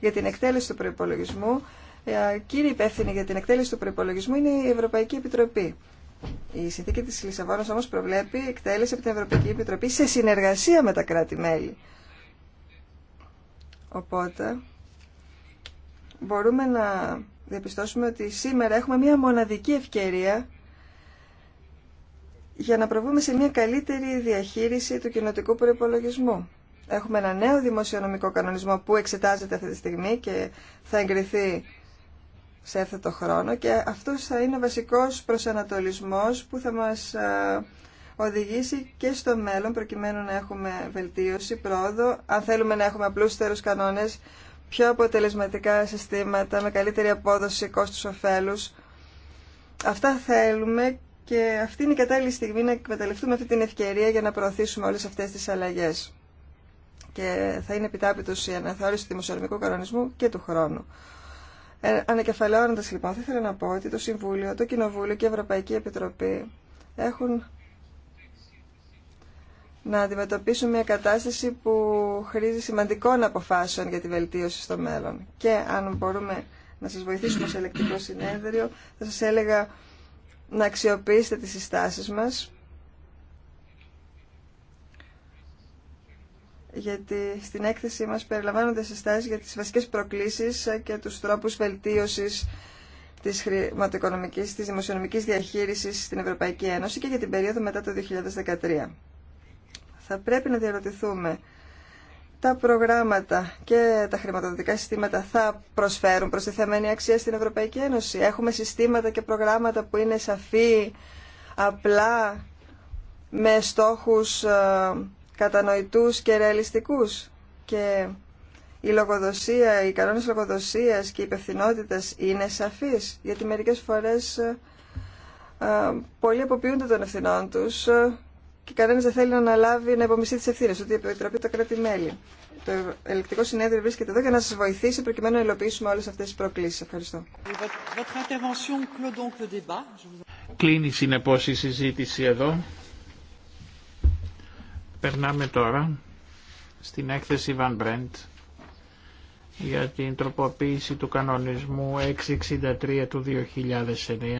για την εκτέλεση του προϋπολογισμού, ε, κύριοι υπεύθυνοι για την εκτέλεση του προϋπολογισμού είναι η Ευρωπαϊκή Επιτροπή. Η συνθήκη της Λισαβόνας όμως προβλέπει εκτέλεση από την Ευρωπαϊκή Επιτροπή σε συνεργασία με τα κράτη-μέλη. Οπότε μπορούμε να διαπιστώσουμε ότι σήμερα έχουμε μία μοναδική ευκαιρία για να προβούμε σε μια καλύτερη διαχείριση του κοινοτικού προπολογισμού. Έχουμε ένα νέο δημοσιονομικό κανονισμό που εξετάζεται αυτή τη στιγμή και θα εγκριθεί σε το χρόνο και αυτό θα είναι ο βασικός προσανατολισμός που θα μας οδηγήσει και στο μέλλον προκειμένου να έχουμε βελτίωση, πρόοδο, αν θέλουμε να έχουμε απλούστερους κανόνες πιο αποτελεσματικά συστήματα, με καλύτερη απόδοση κόστους ωφέλους. Αυτά θέλουμε και αυτή είναι η κατάλληλη στιγμή να εκμεταλλευτούμε αυτή την ευκαιρία για να προωθήσουμε όλες αυτές τις αλλαγές. Και θα είναι επιτάπητος η αναθεώρηση του δημοσιονομικού κανονισμού και του χρόνου. Ε, λοιπόν, θα ήθελα να πω ότι το Συμβούλιο, το Κοινοβούλιο και η Ευρωπαϊκή Επιτροπή έχουν να αντιμετωπίσουν μια κατάσταση που χρήζει σημαντικών αποφάσεων για τη βελτίωση στο μέλλον. Και αν μπορούμε να σας βοηθήσουμε σε ελεκτικό συνέδριο, θα σας έλεγα να αξιοποιήσετε τις συστάσεις μας, γιατί στην έκθεσή μας περιλαμβάνονται συστάσεις για τις βασικές προκλήσεις και τους τρόπους βελτίωσης της χρηματοοικονομικής, της δημοσιονομικής διαχείρισης στην Ευρωπαϊκή Ένωση και για την περίοδο μετά το 2013. Θα πρέπει να διαρωτηθούμε τα προγράμματα και τα χρηματοδοτικά συστήματα θα προσφέρουν προστιθεμένη αξία στην Ευρωπαϊκή Ένωση. Έχουμε συστήματα και προγράμματα που είναι σαφή, απλά, με στόχους ε, κατανοητούς και ρεαλιστικούς. Και η λογοδοσία, οι κανόνες λογοδοσίας και η υπευθυνότητα είναι σαφείς, γιατί μερικές φορές ε, ε, πολλοί αποποιούνται των ευθυνών τους και κανένα δεν θέλει να αναλάβει να υπομισθεί τι ευθύνε, ότι η Επιτροπή, τα κράτη-μέλη. Το ελεκτικό συνέδριο βρίσκεται εδώ για να σα βοηθήσει προκειμένου να υλοποιήσουμε όλε αυτέ τι προκλήσει. Ευχαριστώ. Κλείνει συνεπώ η συζήτηση εδώ. Περνάμε τώρα στην έκθεση Van Brent για την τροποποίηση του κανονισμού 663 του 2009.